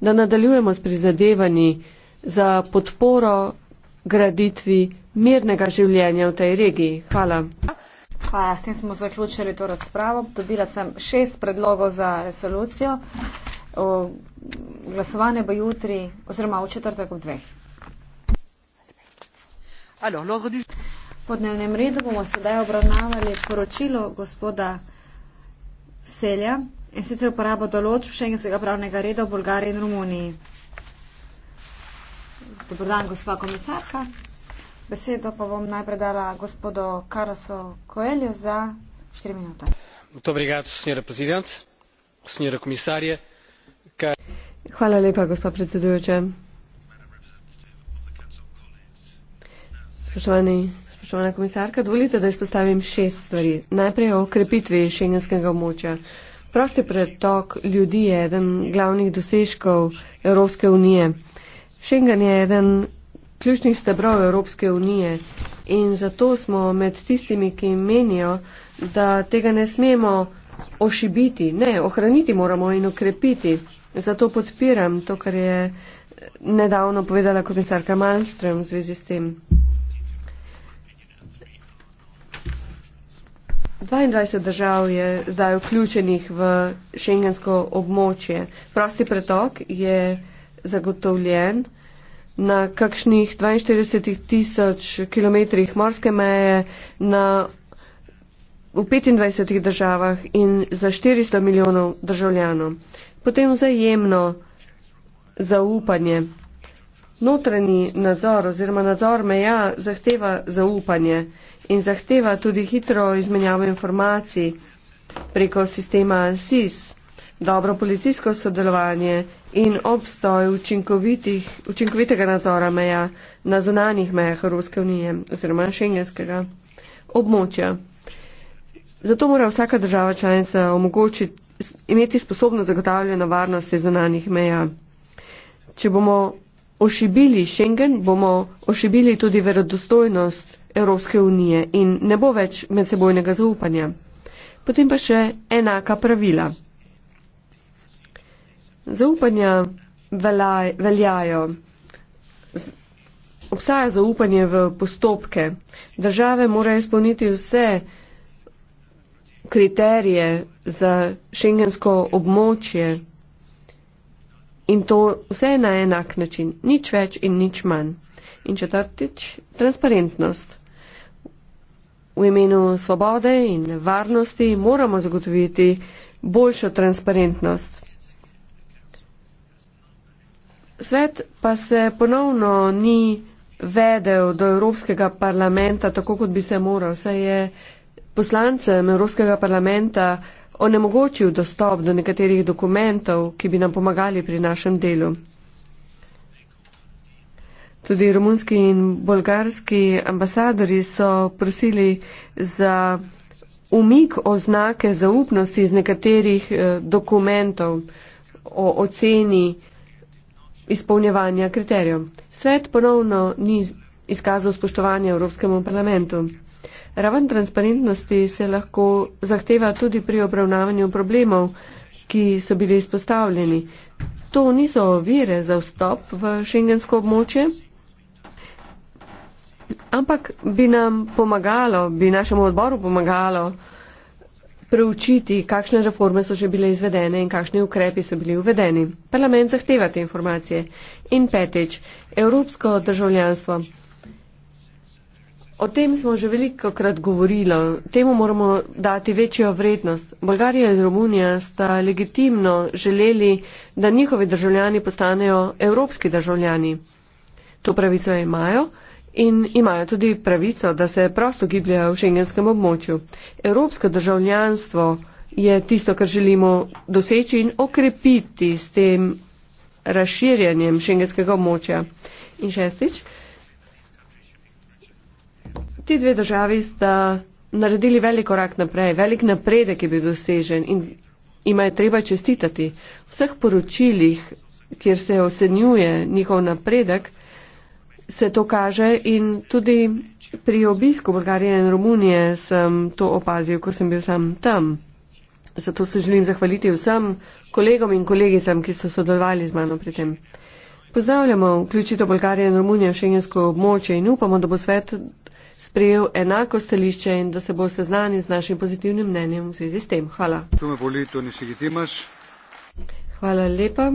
da nadaljujemo s prizadevanji za podporo graditvi mirnega življenja v tej regiji. Hvala. Hvala, s tem smo zaključili to razpravo. Dobila sem šest predlogov za resolucijo. O, glasovanje bo jutri oziroma v četrtek ob dveh. Po dnevnem redu bomo sedaj obravnavali poročilo gospoda Selja in sicer uporabo določb šengenskega pravnega reda v Bolgariji in Romuniji. Dobro dan, gospa komisarka. Besedo pa bom najprej dala gospodu Karaso Koelju za 4 minute. Obrigado, senjora prezident, senjora komisarje. Kar... Hvala lepa, gospa predsedujoča. Spoštovani, spoštovana komisarka, dovolite, da izpostavim šest stvari. Najprej o krepitvi šengenskega območja. Prosti pretok ljudi je eden glavnih dosežkov Evropske unije. Schengen je eden ključnih stebrov Evropske unije in zato smo med tistimi, ki menijo, da tega ne smemo ošibiti, ne, ohraniti moramo in okrepiti. Zato podpiram to, kar je nedavno povedala komisarka Malmström v zvezi s tem. 22 držav je zdaj vključenih v šengensko območje. Prosti pretok je zagotovljen na kakšnih 42 tisoč kilometrih morske meje na, v 25 državah in za 400 milijonov državljanov. Potem vzajemno zaupanje. Notranji nadzor oziroma nadzor meja zahteva zaupanje in zahteva tudi hitro izmenjavo informacij preko sistema SIS, dobro policijsko sodelovanje in obstoj učinkovitega nadzora meja na zunanjih mejah Evropske unije oziroma šengenskega območja. Zato mora vsaka država članica omogočiti imeti sposobno zagotavljeno varnosti zunanjih meja. Če bomo ošibili Schengen, bomo ošibili tudi verodostojnost Evropske unije in ne bo več medsebojnega zaupanja. Potem pa še enaka pravila. Zaupanja velaj, veljajo. Obstaja zaupanje v postopke. Države morajo izpolniti vse kriterije za šengensko območje in to vse na enak način. Nič več in nič manj. In četrtič, transparentnost. V imenu svobode in varnosti moramo zagotoviti boljšo transparentnost. Svet pa se ponovno ni vedel do Evropskega parlamenta tako, kot bi se moral. Vse je poslancem Evropskega parlamenta onemogočil dostop do nekaterih dokumentov, ki bi nam pomagali pri našem delu. Tudi romunski in bolgarski ambasadori so prosili za umik oznake zaupnosti iz nekaterih eh, dokumentov o oceni izpolnjevanja kriterijev. Svet ponovno ni izkazal spoštovanje Evropskemu parlamentu. Raven transparentnosti se lahko zahteva tudi pri obravnavanju problemov, ki so bili izpostavljeni. To niso ovire za vstop v šengensko območje. Ampak bi nam pomagalo, bi našemu odboru pomagalo preučiti, kakšne reforme so že bile izvedene in kakšni ukrepi so bili uvedeni. Parlament zahteva te informacije. In petič, evropsko državljanstvo. O tem smo že veliko krat govorili, temu moramo dati večjo vrednost. Bolgarija in Romunija sta legitimno želeli, da njihovi državljani postanejo evropski državljani. To pravico imajo. In imajo tudi pravico, da se prosto gibljajo v šengenskem območju. Evropsko državljanstvo je tisto, kar želimo doseči in okrepiti s tem razširjanjem šengenskega območja. In šestič, ti dve državi sta naredili velik korak naprej, velik napredek je bil dosežen in imajo treba čestitati. V vseh poročilih, kjer se ocenjuje njihov napredek, se to kaže in tudi pri obisku Bolgarije in Romunije sem to opazil, ko sem bil sam tam. Zato se želim zahvaliti vsem kolegom in kolegicam, ki so sodelovali z mano pri tem. Pozdravljamo vključitev Bolgarije in Romunije v šengensko območje in upamo, da bo svet sprejel enako stališče in da se bo seznanil z našim pozitivnim mnenjem v zvezi s tem. Hvala. Hvala lepa.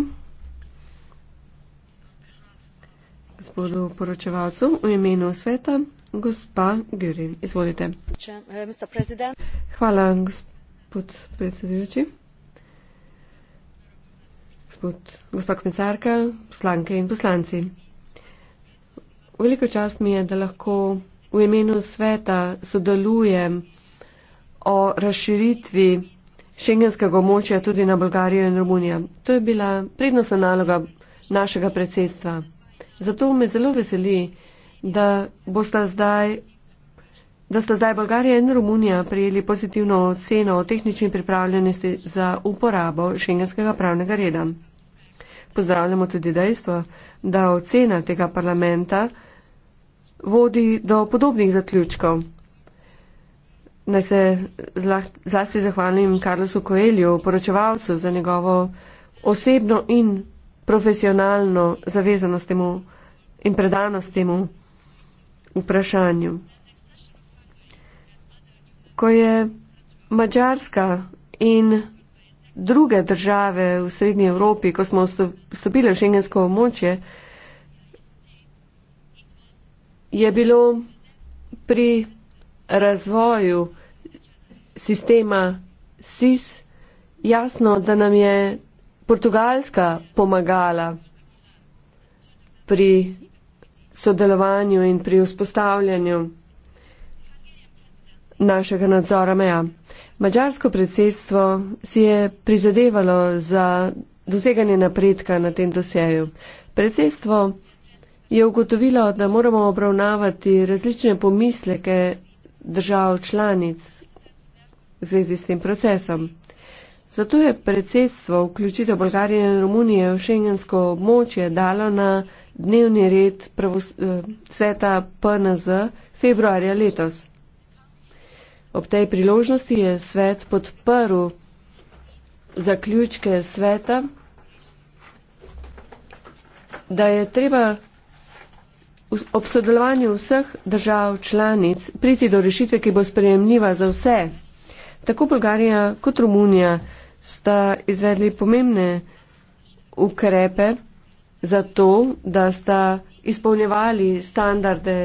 gospodu poročevalcu v imenu sveta, gospa Gürin. Izvolite. Hvala, gospod predsedujoči. Gospod, gospa komisarka, poslanke in poslanci. Veliko čast mi je, da lahko v imenu sveta sodelujem o razširitvi šengenskega območja tudi na Bolgarijo in Romunijo. To je bila prednostna naloga našega predsedstva. Zato me zelo veseli, da bosta zdaj. Da sta zdaj Bolgarija in Romunija prijeli pozitivno oceno o tehnični pripravljenosti za uporabo šengenskega pravnega reda. Pozdravljamo tudi dejstvo, da ocena tega parlamenta vodi do podobnih zaključkov. Naj se zlasti zahvalim Karlosu Koelju, poročevalcu, za njegovo osebno in profesionalno zavezanost temu in predanost temu vprašanju. Ko je Mačarska in druge države v srednji Evropi, ko smo vstopili v šengensko območje, je bilo pri razvoju sistema SIS jasno, da nam je Portugalska pomagala pri sodelovanju in pri vzpostavljanju našega nadzora meja. Mačarsko predsedstvo si je prizadevalo za doseganje napredka na tem doseju. Predsedstvo je ugotovilo, da moramo obravnavati različne pomisleke držav članic v zvezi s tem procesom. Zato je predsedstvo vključitev Bolgarije in Romunije v šengensko območje dalo na dnevni red eh, sveta PNZ februarja letos. Ob tej priložnosti je svet podprl zaključke sveta, da je treba ob sodelovanju vseh držav članic priti do rešitve, ki bo sprejemljiva za vse, tako Bolgarija kot Romunija sta izvedli pomembne ukrepe za to, da sta izpolnjevali standarde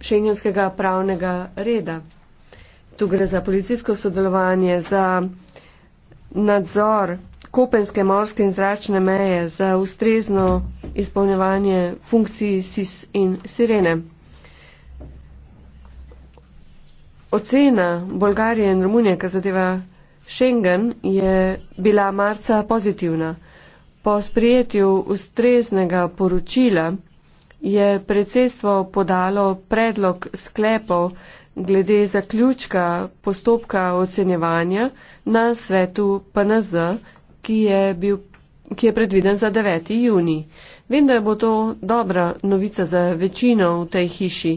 šengenskega pravnega reda. Tu gre za policijsko sodelovanje, za nadzor kopenske morske in zračne meje, za ustrezno izpolnjevanje funkcij SIS in Sirene. Ocena Bolgarije in Romunije, kar zadeva Schengen je bila marca pozitivna. Po sprijetju ustreznega poročila je predsedstvo podalo predlog sklepov glede zaključka postopka ocenjevanja na svetu PNZ, ki je, bil, ki je predviden za 9. juni. Vem, da bo to dobra novica za večino v tej hiši,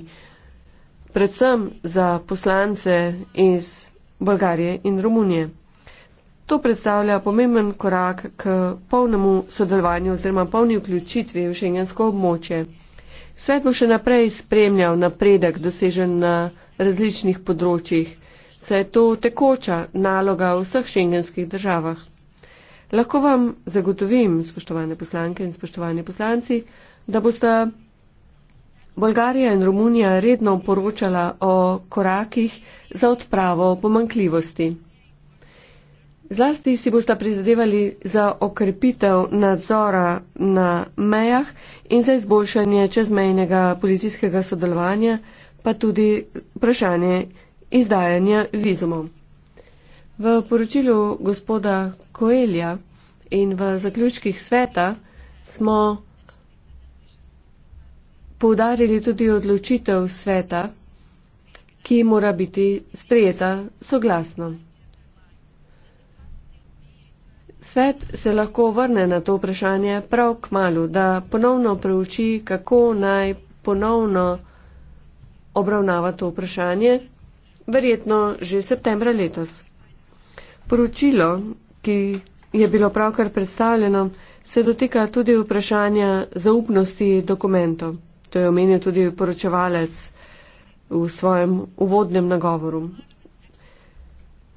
predvsem za poslance iz Bolgarije in Romunije. To predstavlja pomemben korak k polnemu sodelovanju oziroma polni vključitvi v šengensko območje. Svet bo še naprej spremljal napredek dosežen na različnih področjih, saj je to tekoča naloga v vseh šengenskih državah. Lahko vam zagotovim, spoštovane poslanke in spoštovani poslanci, da boste Bolgarija in Romunija redno poročala o korakih za odpravo pomankljivosti. Zlasti si boste prizadevali za okrepitev nadzora na mejah in za izboljšanje čezmejnega policijskega sodelovanja, pa tudi vprašanje izdajanja vizumov. V poročilu gospoda Koelja in v zaključkih sveta smo poudarili tudi odločitev sveta, ki mora biti sprejeta soglasno. Svet se lahko vrne na to vprašanje prav k malu, da ponovno preuči, kako naj ponovno obravnava to vprašanje, verjetno že septembra letos. Poročilo, ki je bilo pravkar predstavljeno, se dotika tudi vprašanja zaupnosti dokumentov. To je omenil tudi poročevalec v svojem uvodnem nagovoru.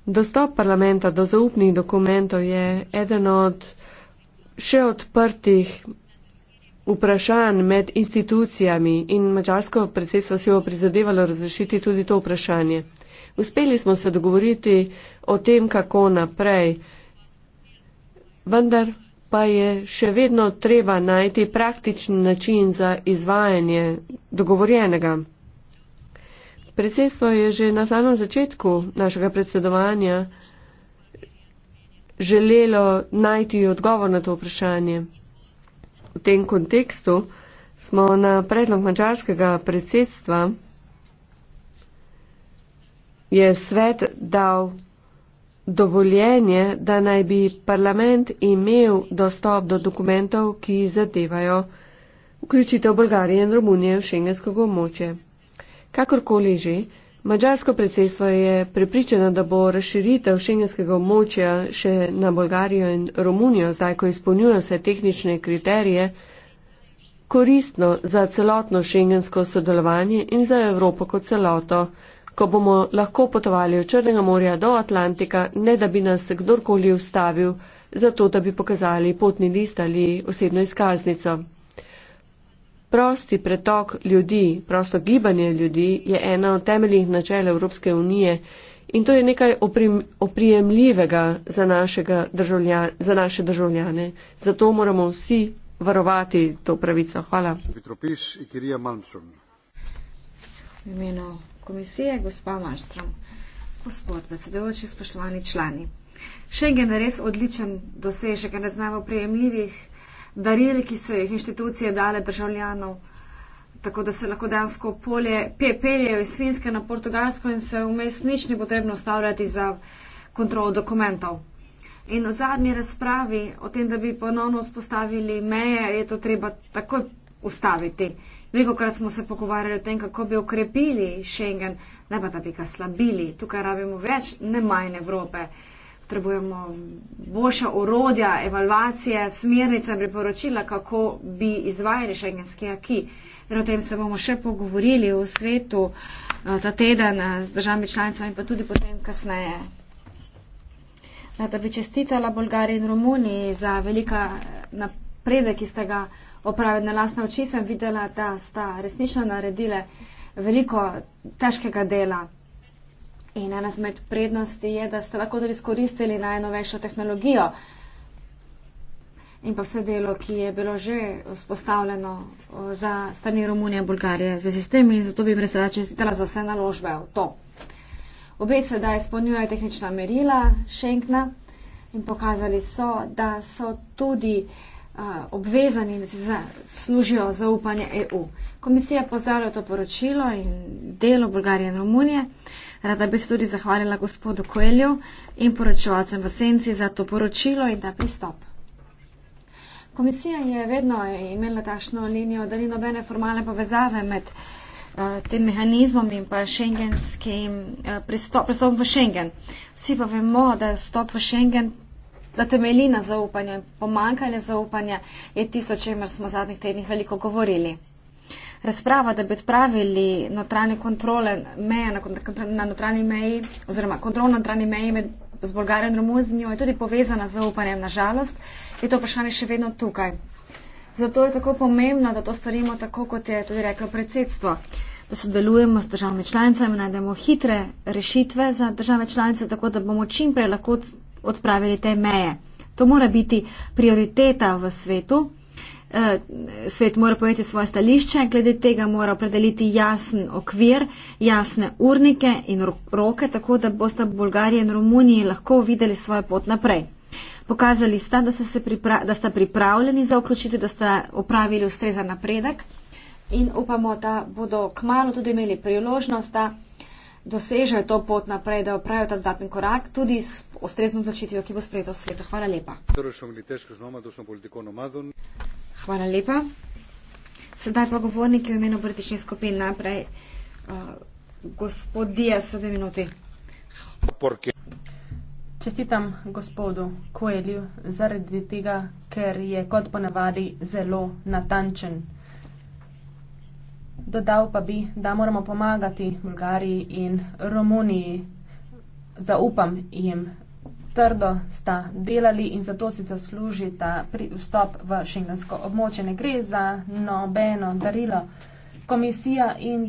Dostop parlamenta do zaupnih dokumentov je eden od še odprtih vprašanj med institucijami in mačarsko predsedstvo se je prizadevalo razrešiti tudi to vprašanje. Uspeli smo se dogovoriti o tem, kako naprej, vendar pa je še vedno treba najti praktičen način za izvajanje dogovorjenega. Predsedstvo je že na samem začetku našega predsedovanja želelo najti odgovor na to vprašanje. V tem kontekstu smo na predlog mačarskega predsedstva je svet dal dovoljenje, da naj bi parlament imel dostop do dokumentov, ki zadevajo vključitev Bolgarije in Romunije v šengenskega območja. Kakorkoli že, mađarsko predsedstvo je prepričano, da bo razširitev šengenskega območja še na Bolgarijo in Romunijo, zdaj ko izpolnjujo vse tehnične kriterije, koristno za celotno šengensko sodelovanje in za Evropo kot celoto, ko bomo lahko potovali od Črnega morja do Atlantika, ne da bi nas kdorkoli ustavil, zato da bi pokazali potni list ali osebno izkaznico. Prosti pretok ljudi, prosto gibanje ljudi je ena od temeljnih načel Evropske unije in to je nekaj oprijemljivega za, državljan, za naše državljane. Zato moramo vsi varovati to pravico. Hvala. Gospod predsedujoči, spoštovani člani. Schengen je res odličen dosežek, ne znamo prijemljivih daril, ki so jih inštitucije dale državljanov. Tako da se lahko dejansko polje peljejo iz Finske na Portugalsko in se vmes nič ni potrebno ustavljati za kontrolo dokumentov. In v zadnji razpravi o tem, da bi ponovno vzpostavili meje, je to treba takoj ustaviti. Veliko krat smo se pogovarjali o tem, kako bi ukrepili Schengen, ne pa da bi ga slabili. Tukaj rabimo več, ne manj Evrope potrebujemo boljša orodja, evalvacije, smernice, priporočila, kako bi izvajali šengenski aki. In o tem se bomo še pogovorili v svetu eh, ta teden eh, z državami članicami, pa tudi potem kasneje. Da bi čestitala Bolgariji in Romuniji za velika eh, napredek, ki ste ga opravili na lastne oči, sem videla, da sta resnično naredile veliko težkega dela. In ena izmed prednosti je, da ste lahko tudi izkoristili najnovejšo tehnologijo in pa vse delo, ki je bilo že vzpostavljeno za strani Romunije in Bulgarije za sistemi in zato bi jim res rad čestitela za vse naložbe v to. Obe se da izpolnjujejo tehnična merila Šenkna in pokazali so, da so tudi obvezani, da si služijo zaupanje EU. Komisija pozdravlja to poročilo in delo Bulgarije in Romunije. Rada bi se tudi zahvalila gospodu Koelju in poročevalcem v senci za to poročilo in da pristop. Komisija je vedno imela takšno linijo, da ni nobene formalne povezave med eh, tem mehanizmom in pa šengenskim eh, pristopom pristop v Schengen. Vsi pa vemo, da je vstop v Schengen, da temeljina zaupanja in pomankanje zaupanja je tisto, čemer smo zadnjih tednih veliko govorili razprava, da bi odpravili notranje kontrole meje na notranji meji oziroma kontrolo na notranji meji med z Bolgarijo in Romunijo je tudi povezana z upanjem na žalost, je to vprašanje še vedno tukaj. Zato je tako pomembno, da to storimo tako, kot je tudi reklo predsedstvo, da sodelujemo s državami članicami, najdemo hitre rešitve za države članice, tako da bomo čim prej lahko odpravili te meje. To mora biti prioriteta v svetu. Eh, svet mora povedati svoje stališče, glede tega mora opredeliti jasen okvir, jasne urnike in roke, tako da bosta Bolgarija in Romunija lahko videli svoj pot naprej. Pokazali sta, da, se pripra da sta pripravljeni za vključitev, da sta opravili ustrezan napredek in upamo, da bodo kmalo tudi imeli priložnost, da dosežejo to pot naprej, da opravijo ta dodaten korak, tudi s ustrezno odločitvijo, ki bo sprejeta v svetu. Hvala lepa. Hvala lepa. Sedaj pa govorniki v imenu britiških skupin naprej. Uh, gospod Dija, sedem minuti. Porke. Čestitam gospodu Koelju zaradi tega, ker je kot ponavadi zelo natančen. Dodal pa bi, da moramo pomagati Bolgariji in Romuniji. Zaupam jim, trdo sta delali in zato si zaslužita vstop v šengensko območje. Ne gre za nobeno darilo. Komisija in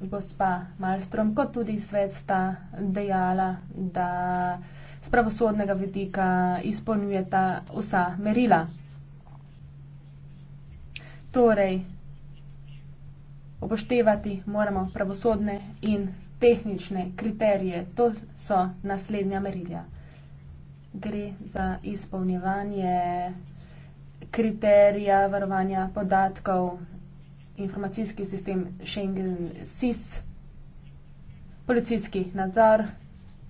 gospa Malstrom, kot tudi svet, sta dejala, da z pravosodnega vidika izpolnjujeta vsa merila. Torej, upoštevati moramo pravosodne in tehnične kriterije. To so naslednja merilja. Gre za izpolnjevanje kriterija varovanja podatkov, informacijski sistem Schengen SIS, policijski nadzor,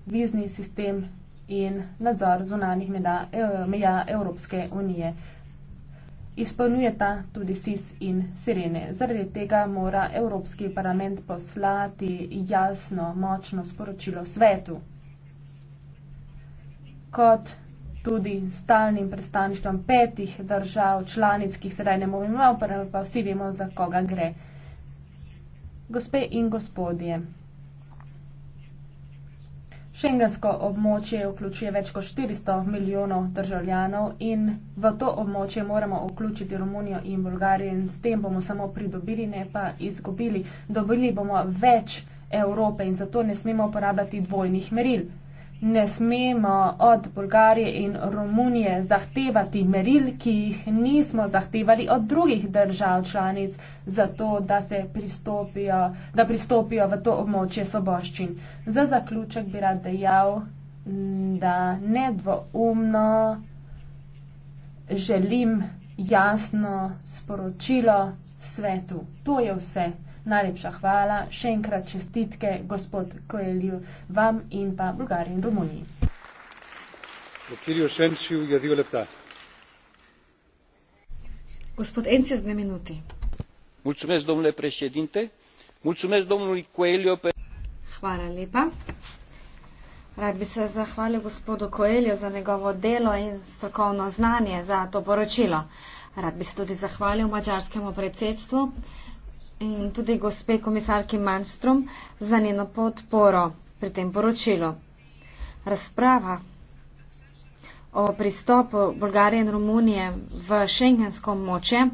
vizni sistem in nadzor zunanih e, meja Evropske unije izpolnjujeta tudi SIS in Sirene. Zaradi tega mora Evropski parlament poslati jasno, močno sporočilo svetu, kot tudi stalnim predstavništvom petih držav članic, ki jih sedaj ne bomo imeli, pa vsi vemo, za koga gre. Gospe in gospodje. Šengensko območje vključuje več kot 400 milijonov državljanov in v to območje moramo vključiti Romunijo in Bolgarijo in s tem bomo samo pridobili, ne pa izgubili. Dobili bomo več Evrope in zato ne smemo uporabljati dvojnih meril ne smemo od Bolgarije in Romunije zahtevati meril, ki jih nismo zahtevali od drugih držav članic, zato da, pristopijo, da pristopijo v to območje svoboščin. Za zaključek bi rad dejal, da nedvoumno želim jasno sporočilo svetu. To je vse. Najlepša hvala, še enkrat čestitke, gospod Koelju, vam in pa Bulgariji in Romuniji. Gospod Encijo, dve minuti. Mulțumesc, domnule președinte. Mulțumesc, domnului Coelio. Pe... Hvala lepa. Rad bi se zahvalil gospodu Coelio za njegovo delo in strokovno znanje za to poročilo. Rad bi se tudi zahvalil mađarskemu predsedstvu in tudi gospe komisarki Manstrom za njeno podporo pri tem poročilu. Razprava o pristopu Bolgarije in Romunije v šengensko moče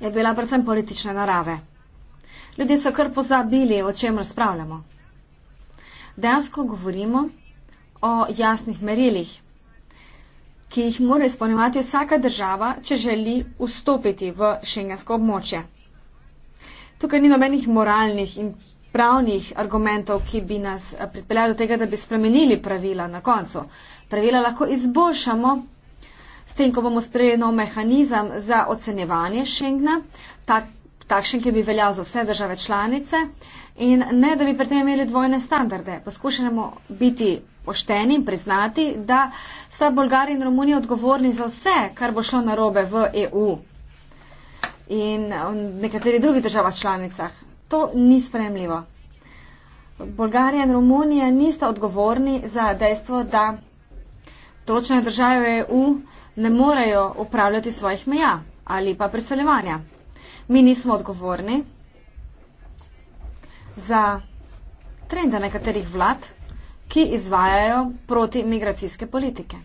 je bila predvsem politične narave. Ljudje so kar pozabili, o čem razpravljamo. Dejansko govorimo o jasnih merilih ki jih mora izpolnjevati vsaka država, če želi vstopiti v šengensko območje. Tukaj ni nobenih moralnih in pravnih argumentov, ki bi nas eh, pripeljali do tega, da bi spremenili pravila na koncu. Pravila lahko izboljšamo s tem, ko bomo sprejeli nov mehanizem za ocenjevanje šengna takšen, ki bi veljal za vse države članice in ne, da bi pri tem imeli dvojne standarde. Poskušamo biti pošteni in priznati, da sta Bolgarija in Romunija odgovorni za vse, kar bo šlo narobe v EU in v nekaterih drugih državah članicah. To ni spremljivo. Bolgarija in Romunija nista odgovorni za dejstvo, da določene države EU ne morejo upravljati svojih meja ali pa priseljevanja. Mi nismo odgovorni za trende nekaterih vlad, ki izvajajo proti migracijske politike.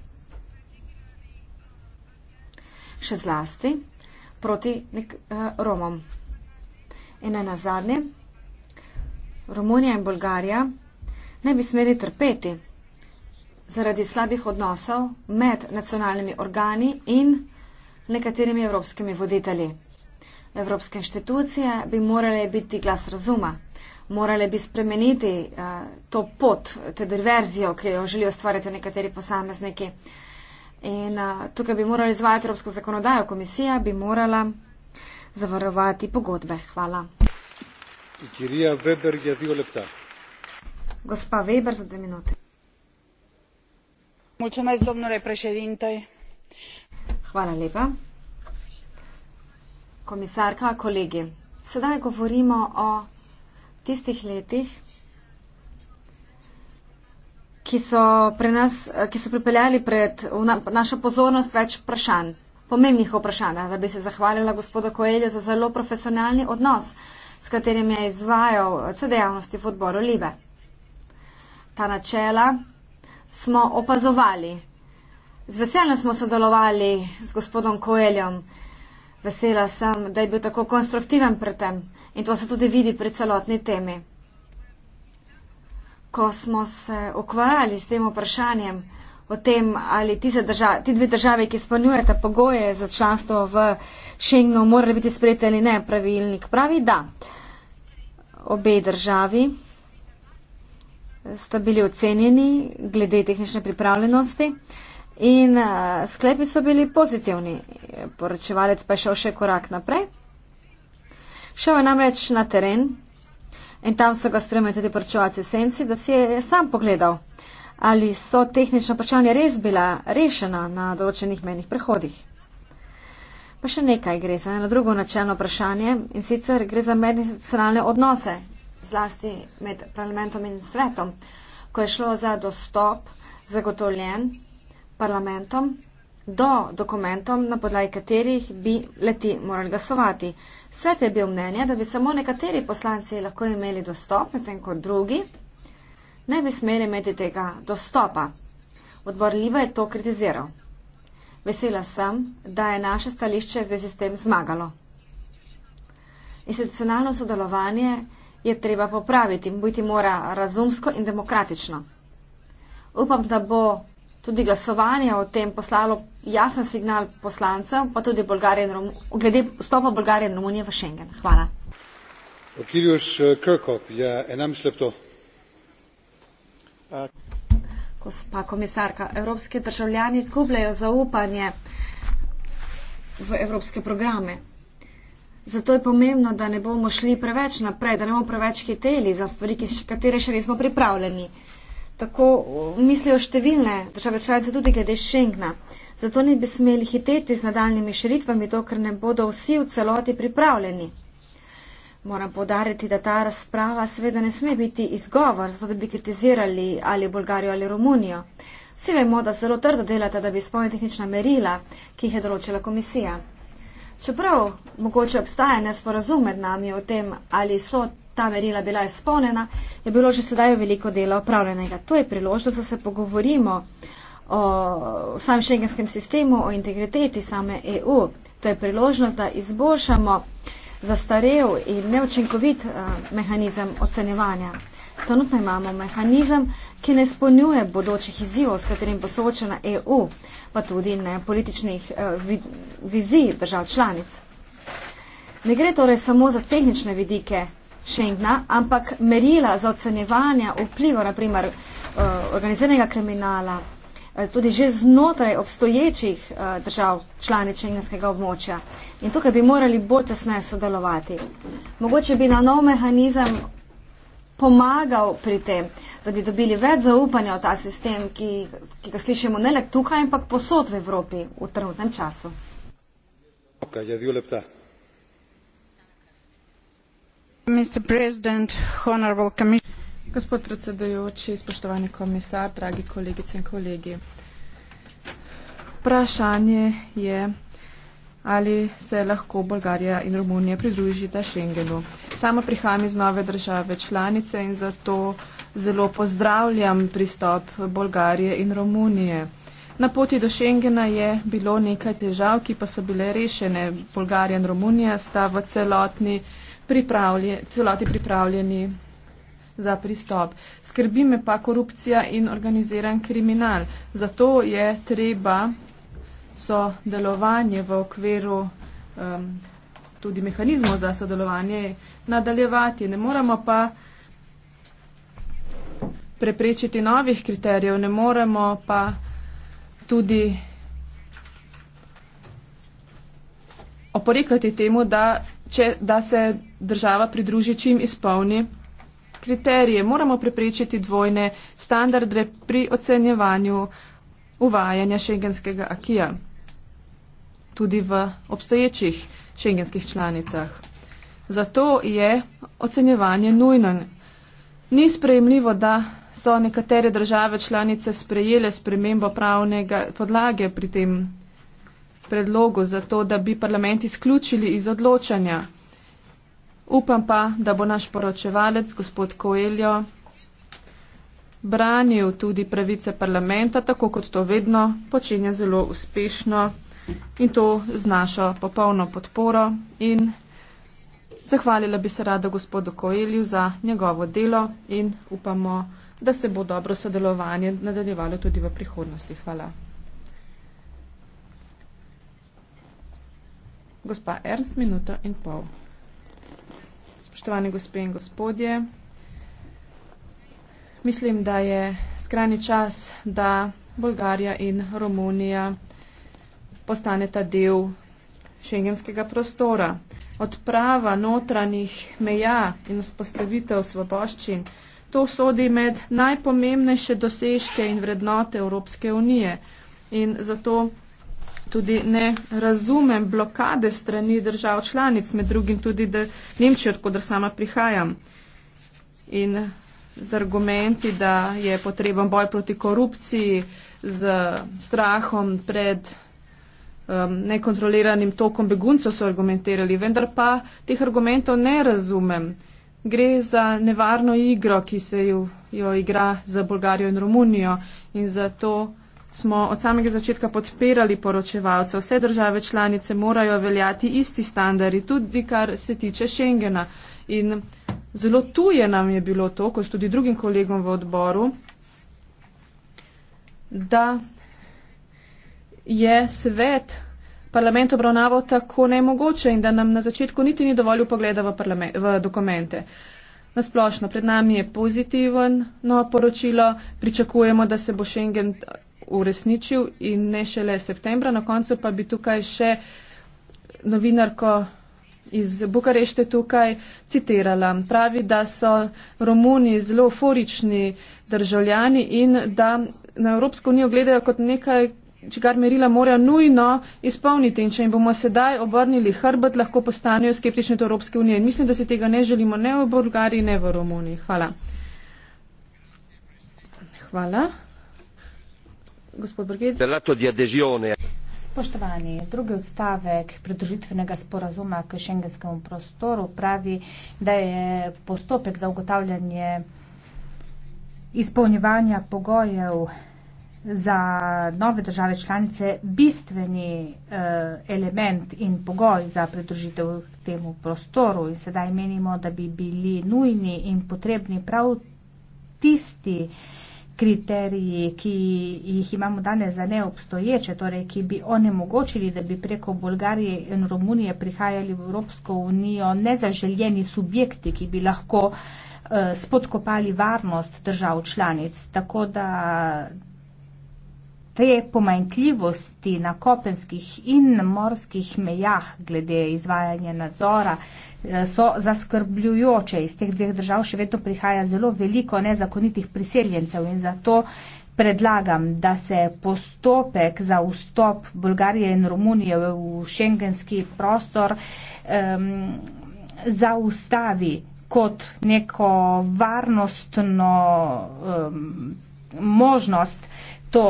Še zlasti proti nek, eh, Romom. In na zadnje, Romunija in Bolgarija ne bi smeli trpeti zaradi slabih odnosov med nacionalnimi organi in nekaterimi evropskimi voditelji. Evropske inštitucije bi morale biti glas razuma. Morale bi spremeniti uh, to pot, te diverzijo, ki jo želijo stvariti nekateri posamezniki. In uh, tukaj bi morali izvajati Evropsko zakonodajo. Komisija bi morala zavarovati pogodbe. Hvala. Gospa Weber, za dve minuti. Hvala lepa komisarka, kolegi. Sedaj govorimo o tistih letih, ki so, pri nas, ki so pripeljali pred na, našo pozornost več vprašanj, pomembnih vprašanj. Da bi se zahvalila gospodu Koelju za zelo profesionalni odnos, s katerim je izvajal vse dejavnosti v odboru Libe. Ta načela smo opazovali. Z veseljem smo sodelovali z gospodom Koeljem. Vesela sem, da je bil tako konstruktiven pri tem in to se tudi vidi pri celotni temi. Ko smo se ukvarjali s tem vprašanjem o tem, ali ti, ti dve države, ki spanjujete pogoje za članstvo v Schengenu, morajo biti sprejeti ali ne, pravilnik pravi, da obe državi sta bili ocenjeni glede tehnične pripravljenosti. In uh, sklepi so bili pozitivni. Poročevalec pa je šel še korak naprej. Šel je namreč na teren in tam so ga spremljali tudi poročevalci v senci, da si je sam pogledal, ali so tehnična vprašanja res bila rešena na določenih menih prehodih. Pa še nekaj gre za eno drugo načelno vprašanje in sicer gre za medinstitucionalne odnose, zlasti med parlamentom in svetom, ko je šlo za dostop zagotovljen parlamentom do dokumentom, na podlagi katerih bi leti morali glasovati. Svet je bil mnenja, da bi samo nekateri poslanci lahko imeli dostop, medtem ko drugi ne bi smeli imeti tega dostopa. Odbor Liba je to kritiziral. Vesela sem, da je naše stališče v zvezi s tem zmagalo. Institucionalno sodelovanje je treba popraviti, biti mora razumsko in demokratično. Upam, da bo tudi glasovanje o tem poslalo jasen signal poslancem, pa tudi Bulgarije in Romunije, glede vstopa Bulgarije in Romunije v Schengen. Hvala. Eh, Kirjus Krkop je ja, enam slepto. Eh, gospa komisarka, evropski državljani izgubljajo zaupanje v evropske programe. Zato je pomembno, da ne bomo šli preveč naprej, da ne bomo preveč hiteli za stvari, za katere še nismo pripravljeni. Tako mislijo številne države članice tudi glede Schengna. Zato ne bi smeli hiteti z nadaljnimi širitvami, dokler ne bodo vsi v celoti pripravljeni. Moram podariti, da ta razprava seveda ne sme biti izgovor, zato da bi kritizirali ali Bolgarijo ali Romunijo. Vsi vemo, da zelo trdo delate, da bi izpolnili tehnična merila, ki jih je določila komisija. Čeprav mogoče obstaja nesporazum med nami o tem, ali so ta merila bila izpolnjena, je bilo že sedaj veliko dela opravljenega. To je priložnost, da se pogovorimo o samem šengenskem sistemu, o integriteti same EU. To je priložnost, da izboljšamo zastarev in neučinkovit uh, mehanizem ocenjevanja. Trenutno imamo mehanizem, ki ne spolnjuje bodočih izzivov, s katerim bo soočena EU, pa tudi ne političnih uh, eh, vid, vizij držav članic. Ne gre torej samo za tehnične vidike Schengna, ampak merila za ocenjevanje vpliva, naprimer eh, organiziranega kriminala, eh, tudi že znotraj obstoječih eh, držav člani Schengenskega območja. In tukaj bi morali bolj tesneje sodelovati. Mogoče bi na nov mehanizem pomagal pri tem, da bi dobili več zaupanja v ta sistem, ki, ki ga slišimo ne le tukaj, ampak posod v Evropi v trenutnem času. Okay, ja, Gospod predsedujoči, spoštovani komisar, dragi kolegice in kolegi. Vprašanje je, ali se lahko Bolgarija in Romunija pridružita Schengenu. Sama prihajam iz nove države članice in zato zelo pozdravljam pristop Bolgarije in Romunije. Na poti do Schengena je bilo nekaj težav, ki pa so bile rešene. Bolgarija in Romunija sta v celotni pripravljeni, celoti pripravljeni za pristop. Skrbi me pa korupcija in organiziran kriminal. Zato je treba sodelovanje v okviru um, tudi mehanizmov za sodelovanje nadaljevati. Ne moramo pa preprečiti novih kriterijev, ne moremo pa tudi oporekati temu, da, če, da se država pridruži, čim izpolni kriterije. Moramo preprečiti dvojne standarde pri ocenjevanju uvajanja šengenskega akija tudi v obstoječih šengenskih članicah. Zato je ocenjevanje nujno. Ni sprejemljivo, da so nekatere države članice sprejele spremembo pravnega podlage pri tem predlogu, zato da bi parlament izključili iz odločanja. Upam pa, da bo naš poročevalec, gospod Koeljo, branil tudi pravice parlamenta, tako kot to vedno počenja zelo uspešno in to z našo popolno podporo. In zahvalila bi se rada gospodu Koelju za njegovo delo in upamo, da se bo dobro sodelovanje nadaljevalo tudi v prihodnosti. Hvala. Gospa Ernst, minuto in pol. Spoštovane gospe in gospodje, mislim, da je skrajni čas, da Bolgarija in Romunija postaneta del šengenskega prostora. Odprava notranjih meja in vzpostavitev svoboščin, to sodi med najpomembnejše dosežke in vrednote Evropske unije in zato tudi ne razumem blokade strani držav članic, med drugim tudi da Nemčijo, odkudar sama prihajam. In z argumenti, da je potreben boj proti korupciji, z strahom pred um, nekontroliranim tokom beguncev so argumentirali, vendar pa teh argumentov ne razumem. Gre za nevarno igro, ki se jo, jo igra za Bolgarijo in Romunijo in zato smo od samega začetka podpirali poročevalce. Vse države članice morajo veljati isti standardi, tudi kar se tiče Schengena. In zelo tuje nam je bilo to, kot tudi drugim kolegom v odboru, da je svet parlament obravnaval tako nemogoče in da nam na začetku niti ni dovolil pogleda v, v dokumente. Nasplošno, pred nami je pozitivno poročilo, pričakujemo, da se bo Schengen uresničil in ne šele septembra. Na koncu pa bi tukaj še novinarko iz Bukarešte tukaj citirala. Pravi, da so Romuni zelo euforični državljani in da na Evropsko unijo gledajo kot nekaj, čigar merila morajo nujno izpolniti. In če jim bomo sedaj obrnili hrbet, lahko postanejo skeptični do Evropske unije. In mislim, da si tega ne želimo ne v Bulgariji, ne v Romuniji. Hvala. Hvala gospod Brgec. Spoštovani, drugi odstavek pridružitvenega sporazuma k šengenskemu prostoru pravi, da je postopek za ugotavljanje izpolnjevanja pogojev za nove države članice bistveni eh, element in pogoj za pridružitev k temu prostoru. In sedaj menimo, da bi bili nujni in potrebni prav tisti, eh, kriteriji, ki jih imamo danes za neobstoječe, torej ki bi onemogočili, da bi preko Bolgarije in Romunije prihajali v Evropsko unijo nezaželjeni subjekti, ki bi lahko eh, spodkopali varnost držav članic. Tako da te pomanjkljivosti na kopenskih in morskih mejah glede izvajanja nadzora eh, so zaskrbljujoče. Iz teh dveh držav še vedno prihaja zelo veliko nezakonitih priseljencev in zato predlagam, da se postopek za vstop Bolgarije in Romunije v šengenski prostor um, zaustavi kot neko varnostno um, možnost to,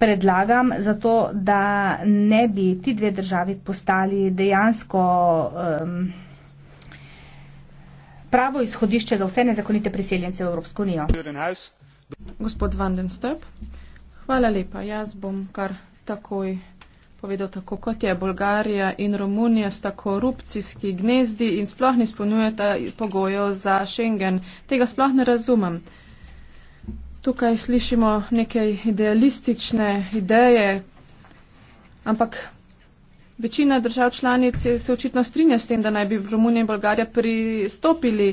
predlagam za to, da ne bi ti dve državi postali dejansko um, pravo izhodišče za vse nezakonite priseljence v Evropsko unijo. Gospod Vandenstrup, hvala lepa. Jaz bom kar takoj povedal tako, kot je Bolgarija in Romunija sta korupcijski gnezdi in sploh ne izpolnjujeta pogojev za Schengen. Tega sploh ne razumem. Tukaj slišimo neke idealistične ideje, ampak večina držav članic se očitno strinja s tem, da naj bi Romunija in Bolgarija pristopili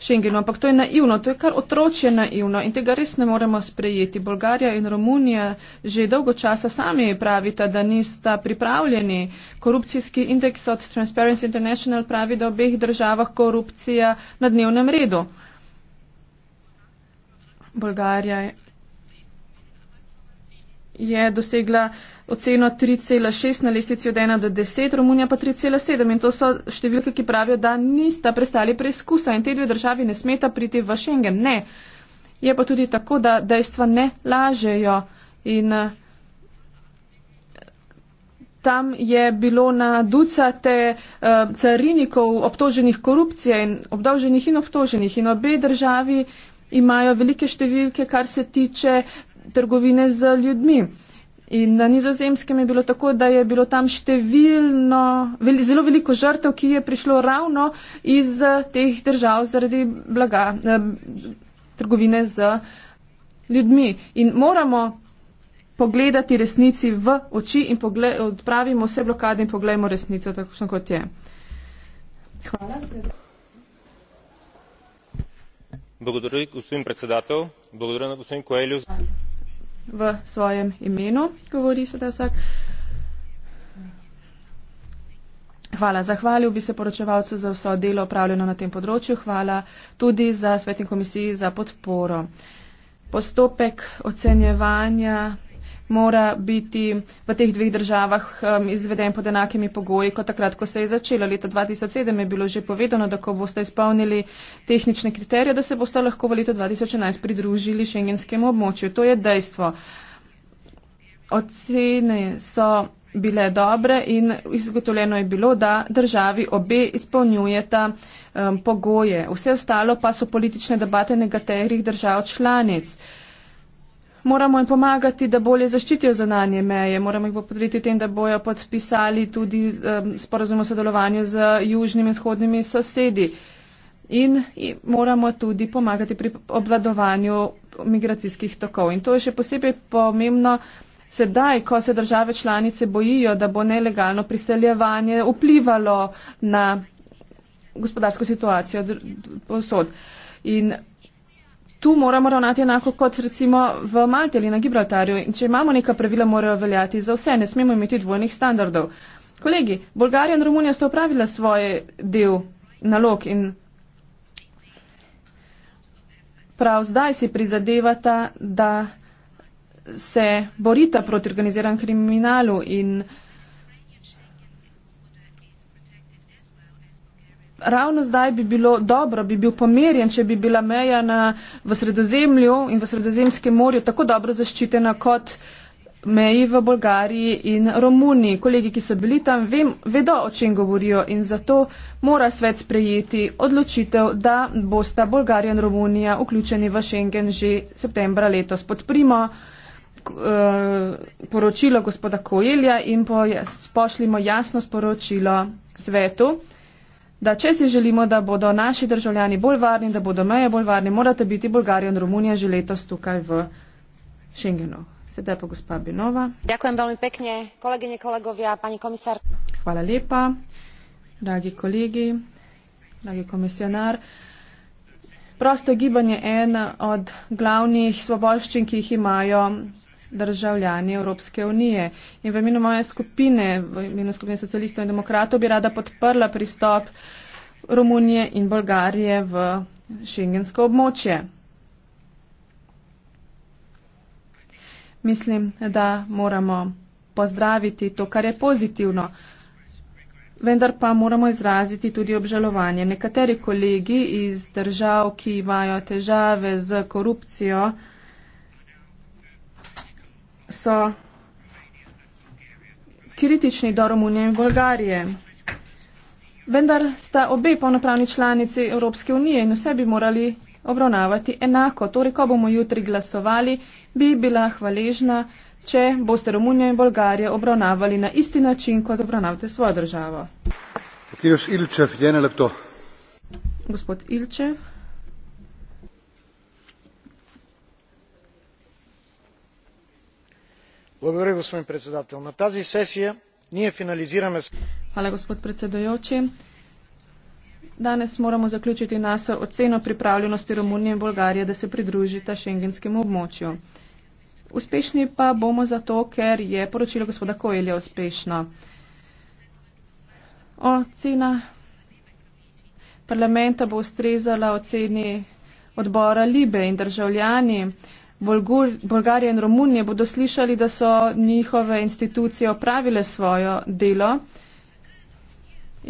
Schengenu, ampak to je naivno, to je kar otročje naivno in tega res ne moremo sprejeti. Bolgarija in Romunija že dolgo časa sami pravita, da nista pripravljeni. Korupcijski indeks od Transparency International pravi, da v obeh državah korupcija na dnevnem redu. Bolgarija je dosegla oceno 3,6 na lestici od 1 do 10, Romunija pa 3,7 in to so številke, ki pravijo, da nista prestali preizkusa in te dve državi ne smeta priti v Schengen. Ne, je pa tudi tako, da dejstva ne lažejo in eh, tam je bilo na ducate uh, eh, carinikov obtoženih korupcije in obdolženih in obtoženih in obe državi imajo velike številke, kar se tiče trgovine z ljudmi. In na nizozemskem je bilo tako, da je bilo tam številno, zelo veliko žrtev, ki je prišlo ravno iz teh držav zaradi blaga, eh, trgovine z ljudmi. In moramo pogledati resnici v oči in odpravimo vse blokade in pogledamo resnico, tako kot je. Hvala благодаря господин председател благодаря на господин коелю за в своем имену говори sedaj vsak. Hvala. Zahvalil bi se poročevalcu za vso delo upravljeno na tem področju. Hvala tudi za svetni komisiji za podporo. Postopek ocenjevanja mora biti v teh dveh državah um, izveden pod enakimi pogoji, kot takrat, ko se je začelo. Leta 2007 je bilo že povedano, da ko boste izpolnili tehnične kriterije, da se boste lahko v letu 2011 pridružili šengenskemu območju. To je dejstvo. Ocene so bile dobre in izgotovljeno je bilo, da državi obe izpolnjujeta um, pogoje. Vse ostalo pa so politične debate nekaterih držav članic moramo jim pomagati, da bolje zaščitijo zonanje meje, moramo jih podpreti tem, da bojo podpisali tudi um, sporozum o sodelovanju z južnimi in vzhodnimi sosedi. In, in moramo tudi pomagati pri obvladovanju migracijskih tokov. In to je še posebej pomembno sedaj, ko se države članice bojijo, da bo nelegalno priseljevanje vplivalo na gospodarsko situacijo posod. In tu moramo ravnati enako kot recimo v Malti ali na Gibraltarju. In če imamo neka pravila, morajo veljati za vse, ne smemo imeti dvojnih standardov. Kolegi, Bolgarija in Romunija sta upravila svoj del nalog in prav zdaj si prizadevata, da se borita proti organiziranem kriminalu in uh, ravno zdaj bi bilo dobro, bi bil pomerjen, če bi bila meja na, v sredozemlju in v sredozemskem morju tako dobro zaščitena kot meji v Bolgariji in Romuniji. Kolegi, ki so bili tam, vem, vedo, o čem govorijo in zato mora svet sprejeti odločitev, da bosta Bolgarija in Romunija vključeni v Schengen že septembra letos. Podprimo eh, poročilo gospoda Kojelja in pošljimo jasno sporočilo svetu da če si želimo, da bodo naši državljani bolj varni, da bodo meje bolj varni, morate biti Bolgarija in Romunija že letos tukaj v Schengenu. Sedaj pa gospa Binova. Pekne, kolegine, kolegovia, komisar... Hvala lepa, dragi kolegi, dragi komisionar. Prosto gibanje je ena od glavnih svoboščin, ki jih imajo državljani Evropske unije. In v imenu moje skupine, v imenu skupine socialistov in demokratov, bi rada podprla pristop Romunije in Bolgarije v šengensko območje. Mislim, da moramo pozdraviti to, kar je pozitivno. Vendar pa moramo izraziti tudi obžalovanje. Nekateri kolegi iz držav, ki imajo težave z korupcijo, so kritični do Romunije in Bolgarije. Vendar sta obe polnopravni članici Evropske unije in vse bi morali obravnavati enako. Torej, ko bomo jutri glasovali, bi bila hvaležna, če boste Romunijo in Bolgarijo obravnavali na isti način, kot obravnavate svojo državo. Gospod Ilčev. на тази сесия ние финализираме Hvala, gospod predsedujoči. Danes moramo zaključiti naso oceno pripravljenosti Romunije in Bolgarije, da se pridružita šengenskemu območju. Uspešni pa bomo zato, ker je poročilo gospoda Kojelja uspešno. Ocena parlamenta bo ustrezala oceni odbora Libe in državljani. Bolgur, Bolgarije in Romunije bodo slišali, da so njihove institucije opravile svojo delo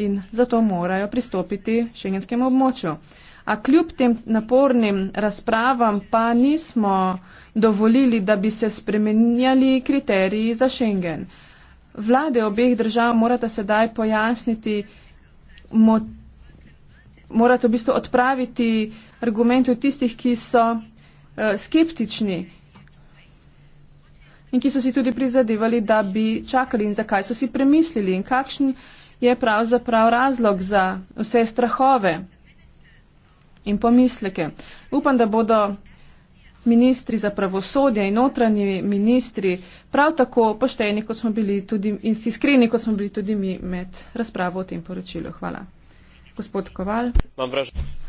in zato morajo pristopiti šengenskemu območju. A kljub tem napornim razpravam pa nismo dovolili, da bi se spremenjali kriteriji za šengen. Vlade obeh držav morata sedaj pojasniti, morata v bistvu odpraviti argumente tistih, ki so Eh, skeptični in ki so si tudi prizadevali, da bi čakali in zakaj so si premislili in kakšen je pravzaprav razlog za vse strahove in pomisleke. Upam, da bodo ministri za pravosodje in notranji ministri prav tako pošteni, kot smo bili tudi in iskreni, kot smo bili tudi mi med razpravo o tem poročilu. Hvala. Gospod Koval.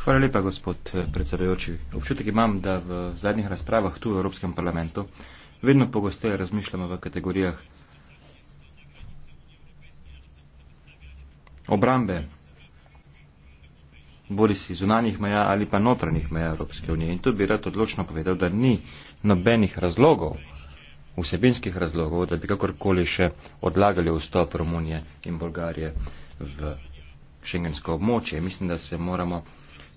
Hvala lepa, gospod eh, predsedajoči. Občutek imam, da v zadnjih razpravah tu v Evropskem parlamentu vedno pogosteje razmišljamo v kategorijah obrambe, bodi si zunanjih meja ali pa notranjih meja Evropske unije. In tu bi rad odločno povedal, da ni nobenih razlogov, vsebinskih razlogov, da bi kakorkoli še odlagali vstop Romunije in Bolgarije v šengensko območje. Mislim, da se moramo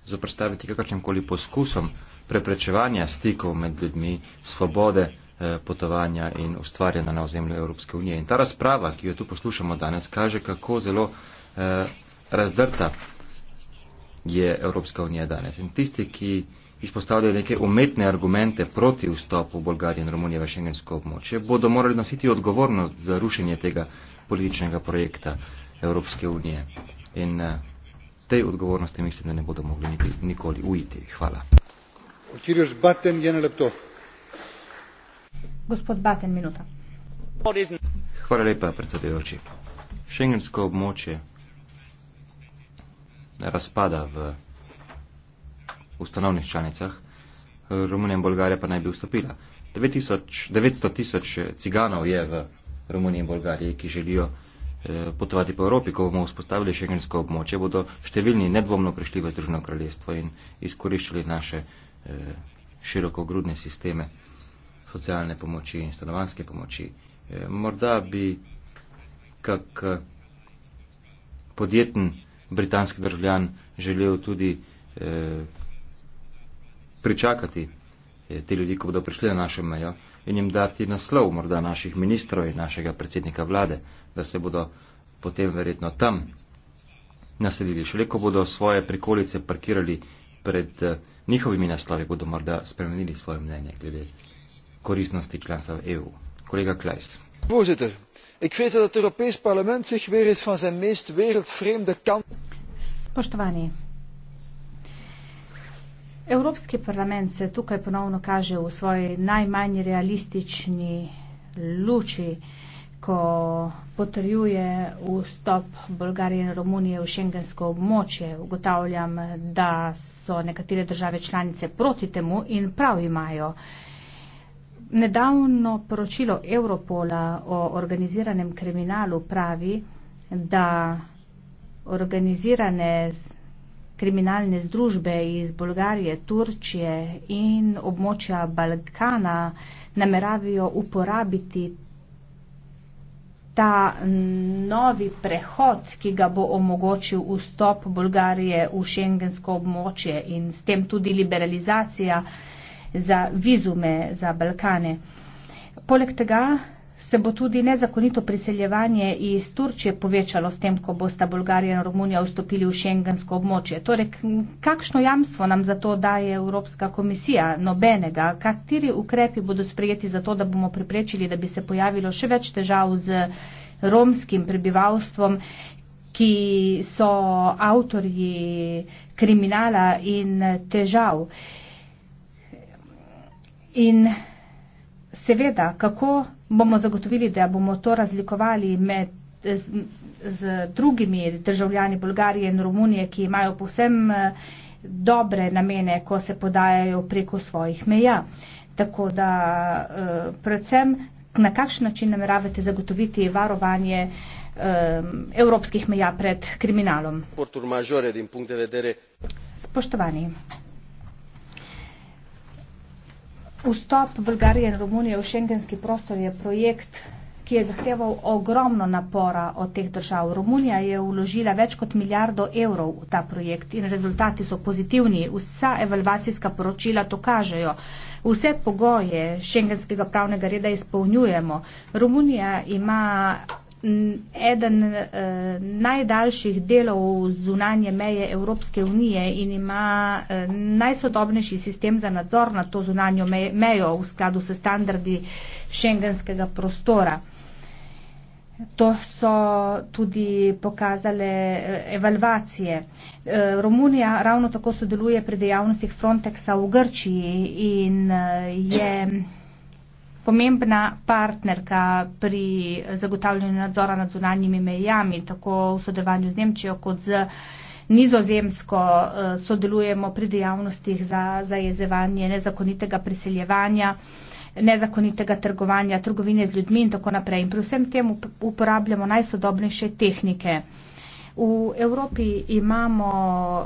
zoprstaviti kakršnim koli poskusom preprečevanja stikov med ljudmi, svobode eh, potovanja in ustvarjanja na ozemlju Evropske unije. In ta razprava, ki jo tu poslušamo danes, kaže, kako zelo eh, razdrta je Evropska unija danes. In tisti, ki izpostavljajo neke umetne argumente proti vstopu Bolgarije in Romunije v šengensko območje, bodo morali nositi odgovornost za rušenje tega političnega projekta Evropske unije. In uh, tej odgovornosti mislim, da ne bodo mogli niti, nikoli ujiti. Hvala. Gospod Baten, minuta. Hvala lepa, predsedujoči. Šengensko območje razpada v ustanovnih članicah, Romunija in Bolgarija pa naj bi vstopila. 900 tisoč eh, ciganov je v Romuniji in Bolgariji, ki želijo Eh, potovati po Evropi, ko bomo vzpostavili šengensko območje, bodo številni nedvomno prišli v Združeno kraljestvo in izkoriščali naše eh, širokogrudne sisteme socialne pomoči in stanovanske pomoči. Eh, morda bi kak podjeten britanski državljan želel tudi pričakati Eh, te ljudi, ko bodo prišli na našo mejo in jim dati naslov morda naših ministrov in našega predsednika vlade, da se bodo potem verjetno tam naselili. Šele ko bodo svoje prikolice parkirali pred eh, njihovimi naslovi, bodo morda spremenili svoje mnenje glede koristnosti članstva v EU. Kolega Klajs. Voorzitter, ik vrees dat het Europees Parlement zich weer eens van zijn meest wereldvreemde kant. Spoštovani, Evropski parlament se tukaj ponovno kaže v svoji najmanj realistični luči, ko potrjuje vstop Bolgarije in Romunije v šengensko območje. Ugotavljam, da so nekatere države članice proti temu in prav imajo. Nedavno poročilo Europola o organiziranem kriminalu pravi, da organizirane kriminalne združbe iz Bolgarije, Turčije in območja Balkana nameravajo uporabiti ta novi prehod, ki ga bo omogočil vstop Bolgarije v šengensko območje in s tem tudi liberalizacija za vizume za Balkane. Poleg tega Se bo tudi nezakonito priseljevanje iz Turčije povečalo s tem, ko bosta Bolgarija in Romunija vstopili v šengensko območje? Torej, kakšno jamstvo nam za to daje Evropska komisija? Nobenega. Kateri ukrepi bodo sprejeti za to, da bomo preprečili, da bi se pojavilo še več težav z romskim prebivalstvom, ki so avtorji kriminala in težav? In seveda, kako bomo zagotovili, da bomo to razlikovali med, z, z drugimi državljani Bolgarije in Romunije, ki imajo povsem eh, dobre namene, ko se podajajo preko svojih meja. Tako da eh, predvsem, na kakšen način nameravate zagotoviti varovanje eh, evropskih meja pred kriminalom? Spoštovani. Vstop Bulgarije in Romunije v šengenski prostor je projekt, ki je zahteval ogromno napora od teh držav. Romunija je uložila več kot milijardo evrov v ta projekt in rezultati so pozitivni. Vsa evalvacijska poročila to kažejo. Vse pogoje šengenskega pravnega reda izpolnjujemo. Romunija ima eden eh, najdaljših delov zunanje meje Evropske unije in ima eh, najsodobnejši sistem za nadzor na to zunanjo me mejo v skladu s standardi šengenskega prostora. To so tudi pokazale eh, evalvacije. Eh, Romunija ravno tako sodeluje pri dejavnostih Frontexa v Grčiji in eh, je. Eh, pomembna partnerka pri zagotavljanju nadzora nad zunanjimi mejami, tako v sodelovanju z Nemčijo kot z nizozemsko eh, sodelujemo pri dejavnostih za zajezevanje nezakonitega priseljevanja, nezakonitega trgovanja, trgovine z ljudmi in tako naprej. In pri vsem tem uporabljamo najsodobnejše tehnike. V Evropi imamo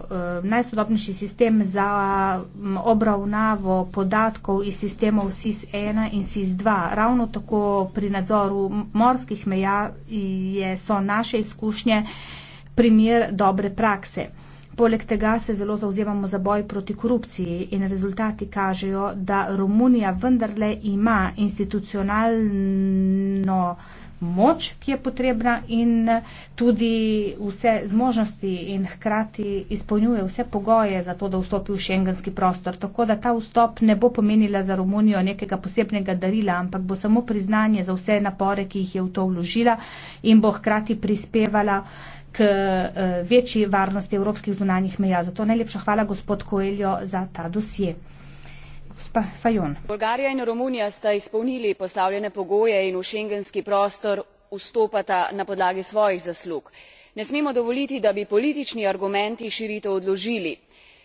eh, najsodobnejši sistem za obravnavo podatkov iz sistemov SIS-1 in SIS-2. Ravno tako pri nadzoru morskih meja je, so naše izkušnje primer dobre prakse. Poleg tega se zelo zauzemamo za boj proti korupciji in rezultati kažejo, da Romunija vendarle ima institucionalno moč, ki je potrebna in eh, tudi vse zmožnosti in hkrati izpolnjuje vse pogoje za to, da vstopi v šengenski prostor. Tako da ta vstop ne bo pomenila za Romunijo nekega posebnega darila, ampak bo samo priznanje za vse napore, ki jih je v to vložila in bo hkrati prispevala k eh, večji varnosti evropskih zunanjih meja. Zato najlepša hvala gospod Koeljo za ta dosje bolgarija in romunija sta izpolnili postavljene pogoje in v schengenski prostor vstopata na podlagi svojih zaslug. ne smemo dovoliti da bi politični argumenti širitev odložili.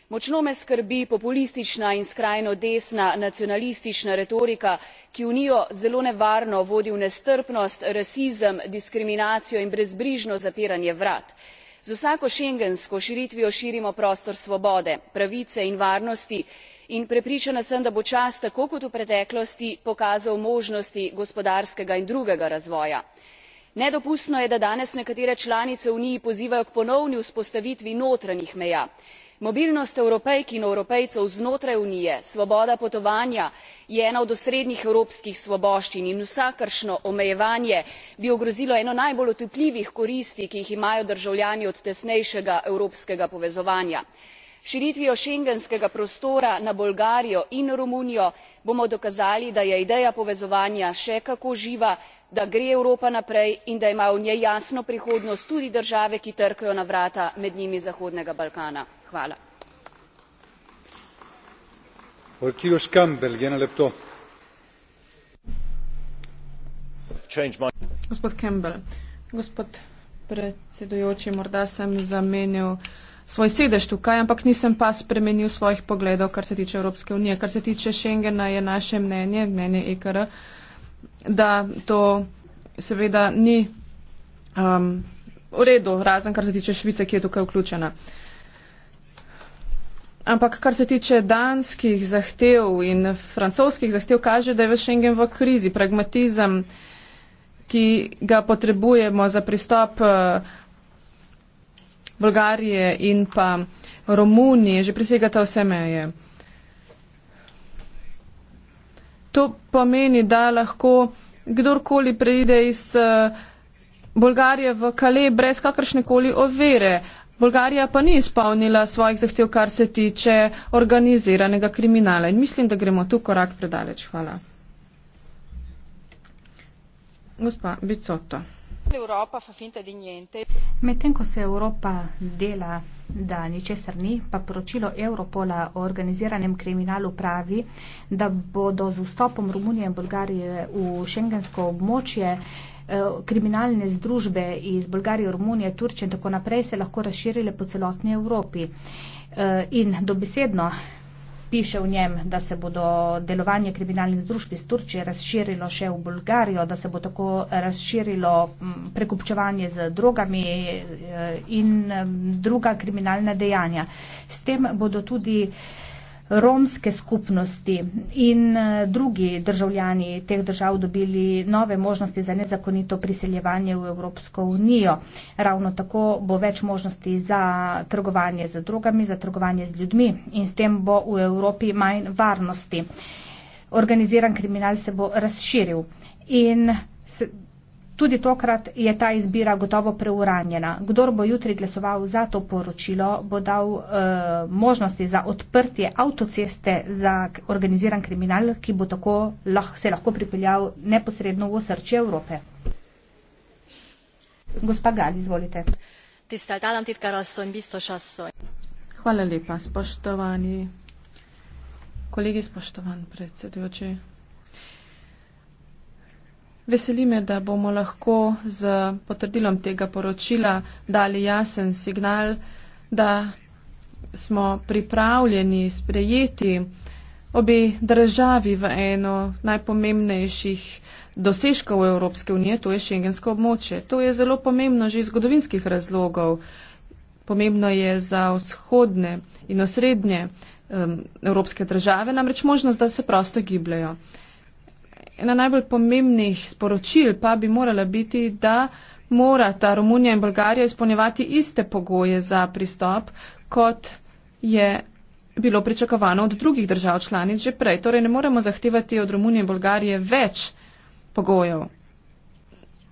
močno me skrbi populistična in skrajno desna nacionalistična retorika ki unijo zelo nevarno vodi v nestrpnost rasizem diskriminacijo in brezbrižno zapiranje vrat. z vsako schengensko širitvijo širimo prostor svobode pravice in varnosti in prepričana sem da bo čas tako kot v preteklosti pokazal možnosti gospodarskega in drugega razvoja. nedopustno je da danes nekatere članice uniji pozivajo k ponovni vzpostavitvi notranjih meja. mobilnost evropejk in evropejcev znotraj unije svoboda potovanja je ena od osrednjih evropskih svoboščin in vsakršno omejevanje bi ogrozilo eno najbolj otipljivih koristi ki jih imajo državljani od tesnejšega evropskega povezovanja širitvijo schengenskega prostora na bolgarijo in romunijo bomo dokazali da je ideja povezovanja še kako živa da gre evropa naprej in da imajo v njej jasno prihodnost tudi države ki trkajo na vrata med njimi zahodnega balkana svoj sedež tukaj, ampak nisem pa spremenil svojih pogledov, kar se tiče Evropske unije. Kar se tiče Schengena, je naše mnenje, mnenje EKR, da to seveda ni um, v redu, razen kar se tiče Švice, ki je tukaj vključena. Ampak kar se tiče danskih zahtev in francoskih zahtev, kaže, da je ves Schengen v krizi. Pragmatizem, ki ga potrebujemo za pristop. Uh, Bolgarije in pa Romunije, že presegata vse meje. To pomeni, da lahko kdorkoli preide iz eh, Bolgarije v Kale brez kakršnekoli ovire. Bolgarija pa ni izpolnila svojih zahtev, kar se tiče organiziranega kriminala. In mislim, da gremo tu korak predaleč. Hvala. Gospa Bicotto. L'Europa fa finta di niente. Medtem ko se Evropa dela, da ničesar ni, pa poročilo Europola o organiziranem kriminalu pravi, da bodo z vstopom Romunije in Bolgarije v šengensko območje eh, kriminalne združbe iz Bolgarije, Romunije, Turčije in tako naprej se lahko razširile po celotni Evropi. Eh, in dobesedno Piše v njem, da se bo delovanje kriminalnih združb iz Turčije razširilo še v Bolgarijo, da se bo tako razširilo prekupčevanje z drogami eh, in druga kriminalna dejanja. S tem bodo tudi uh, romske skupnosti in eh, drugi državljani teh držav dobili nove možnosti za nezakonito priseljevanje v Evropsko unijo. Ravno tako bo več možnosti za trgovanje z drogami, za trgovanje z ljudmi in s tem bo v Evropi manj varnosti. Organiziran kriminal se bo razširil. In Tudi tokrat je ta izbira gotovo preuranjena. Kdor bo jutri glasoval za to poročilo, bo dal e, možnosti za odprtje avtoceste za organiziran kriminal, ki bo tako lah, se lahko pripeljal neposredno v srče Evrope. Gospa Gali, izvolite. Hvala lepa, spoštovani kolegi, spoštovan predsedujoči. Veseli me, da bomo lahko z potrdilom tega poročila dali jasen signal, da smo pripravljeni sprejeti obe državi v eno najpomembnejših dosežkov Evropske unije, to je šengensko območje. To je zelo pomembno že iz zgodovinskih razlogov. Pomembno je za vzhodne in osrednje um, evropske države, namreč možnost, da se prosto gibljajo ena najbolj pomembnih sporočil pa bi morala biti, da morata Romunija in Bolgarija izpolnjevati iste pogoje za pristop, kot je bilo pričakovano od drugih držav članic že prej. Torej ne moremo zahtevati od Romunije in Bolgarije več pogojev,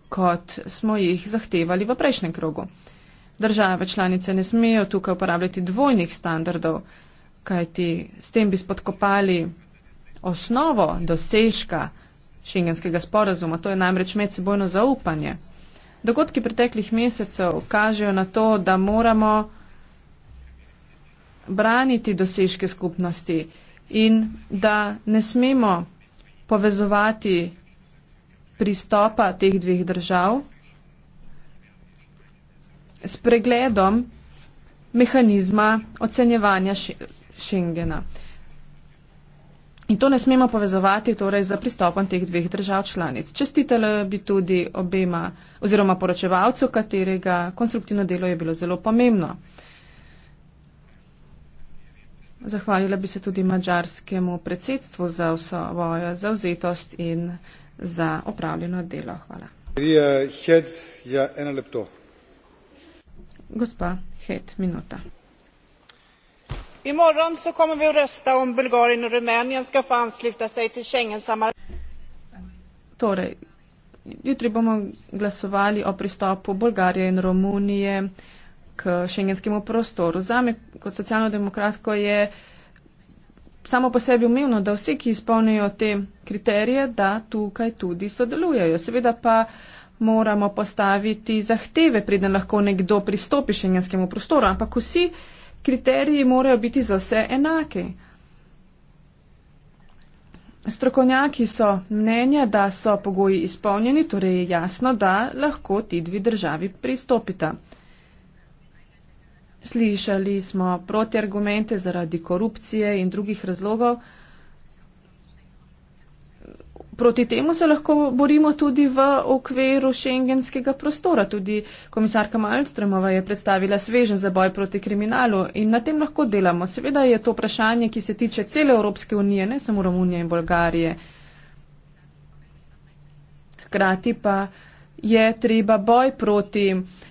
kot smo jih zahtevali v prejšnjem krogu. Države članice ne smejo tukaj uporabljati dvojnih standardov, kajti s tem bi spodkopali osnovo dosežka šengenskega sporazuma, to je namreč medsebojno zaupanje. Dogodki preteklih mesecev kažejo na to, da moramo braniti dosežke skupnosti in da ne smemo povezovati pristopa teh dveh držav s pregledom mehanizma ocenjevanja Schengena. Še In to ne smemo povezovati torej, z pristopom teh dveh držav članic. Čestitele bi tudi obema oziroma poročevalcu, katerega konstruktivno delo je bilo zelo pomembno. Zahvalila bi se tudi mačarskemu predsedstvu za vso svojo zauzetost in za opravljeno delo. Hvala. Ja, Gospa Het, minuta. I morgon så kommer vi att rösta om Bulgarien och Rumänien ska få ansluta sig till Schengensamarbetet. Torej, jutri bomo glasovali o pristopu Bolgarije in Romunije k šengenskemu prostoru. Za me kot socialno demokratko je samo po sebi umevno, da vsi, ki izpolnijo te kriterije, da tukaj tudi sodelujejo. Seveda pa moramo postaviti zahteve, preden lahko nekdo pristopi šengenskemu prostoru, ampak vsi kriteriji morajo biti za vse enake. Strokovnjaki so mnenja, da so pogoji izpolnjeni, torej je jasno, da lahko ti dve državi pristopita. Slišali smo protiargumente zaradi korupcije in drugih razlogov, proti temu se lahko borimo tudi v okviru šengenskega prostora. Tudi komisarka Malmstromova je predstavila sveže za boj proti kriminalu in na tem lahko delamo. Seveda je to vprašanje, ki se tiče cele Evropske unije, ne samo Romunije in Bolgarije. Hkrati pa je treba boj proti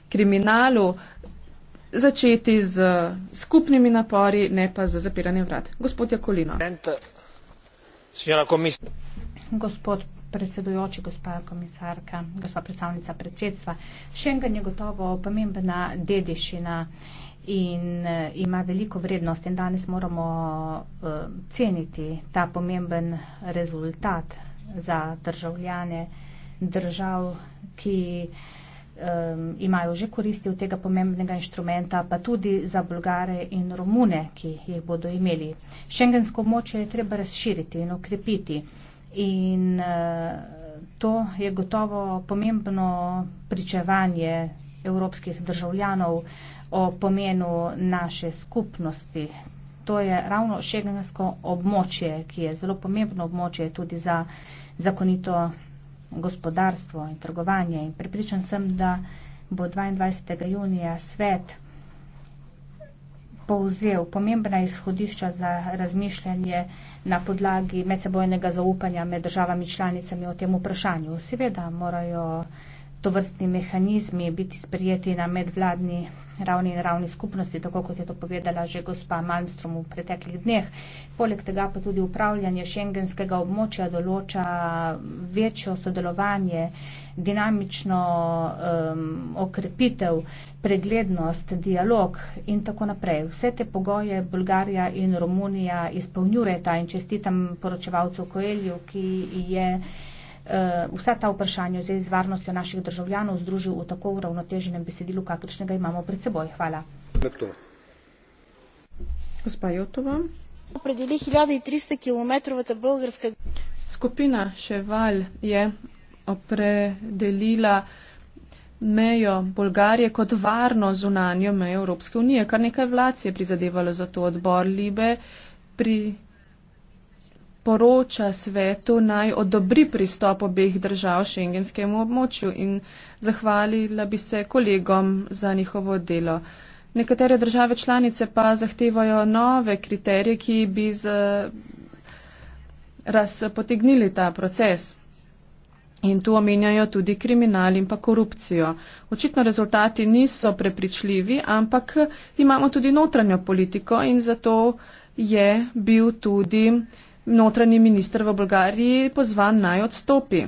kriminalu začeti z skupnimi napori, ne pa z zapiranjem vrat. Gospod Jakolino. Signora Commissione. Gospod predsedujoči, gospa komisarka, gospa predstavnica predsedstva, Schengen je gotovo pomembna dediščina in e, ima veliko vrednost in danes moramo e, ceniti ta pomemben rezultat za državljane držav, ki um, imajo že koristi od tega pomembnega inštrumenta, pa tudi za Bulgare in Romune, ki jih bodo imeli. Šengensko moče je treba razširiti in okrepiti. In uh, to je gotovo pomembno pričevanje evropskih državljanov o pomenu naše skupnosti. To je ravno šegensko območje, ki je zelo pomembno območje tudi za zakonito gospodarstvo in trgovanje. In pripričan sem, da bo 22. junija svet povzel pomembna izhodišča za razmišljanje na podlagi medsebojnega zaupanja med državami članicami o tem vprašanju. Seveda morajo to vrstni mehanizmi biti sprijeti na medvladni ravni in ravni skupnosti, tako kot je to povedala že gospa Malmstrom v preteklih dneh. Poleg tega pa tudi upravljanje šengenskega območja določa večjo sodelovanje, dinamično um, okrepitev, preglednost, dialog in tako naprej. Vse te pogoje Bolgarija in Romunija izpolnjujeta in čestitam poročevalcu Koelju, ki je Eh, vsa ta vprašanja v zvezi z varnostjo naših državljanov združil v tako uravnoteženem besedilu, kakršnega imamo pred seboj. Hvala. Nekto. Gospa Jotova. Opredeli 1300 km bolgarska. Skupina Ševal je opredelila mejo Bolgarije kot varno zunanjo mejo Evropske unije. Kar nekaj vlad je prizadevalo za to odbor Libe, pri poroča svetu naj odobri pristop obeh držav šengenskemu območju in zahvalila bi se kolegom za njihovo delo. Nekatere države članice pa zahtevajo nove kriterije, ki bi z, razpotegnili ta proces. In tu omenjajo tudi kriminal in pa korupcijo. Očitno rezultati niso prepričljivi, ampak imamo tudi notranjo politiko in zato je bil tudi notranji minister v Bolgariji pozvan naj odstopi.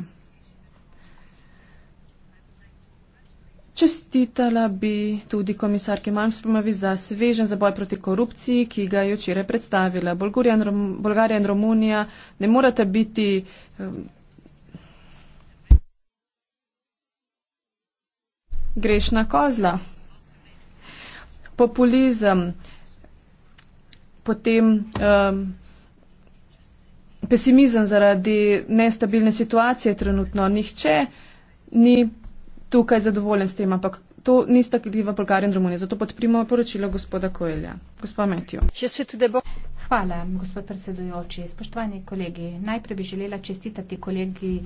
Čestitala bi tudi komisarki Malmspomovi za svežen za boj proti korupciji, ki ga je včeraj predstavila. In Rom, Bolgarija in Romunija ne morata biti. Eh, grešna kozla. Populizem. Potem. Um, pesimizem zaradi nestabilne situacije trenutno. Nihče ni tukaj zadovoljen s tem, ampak to nista kriva Bolgarija in Romunija. Zato podprimo poročilo gospoda Koelja. Gospod Metjo. Hvala, gospod predsedujoči. Spoštovani kolegi, najprej bi želela čestitati kolegi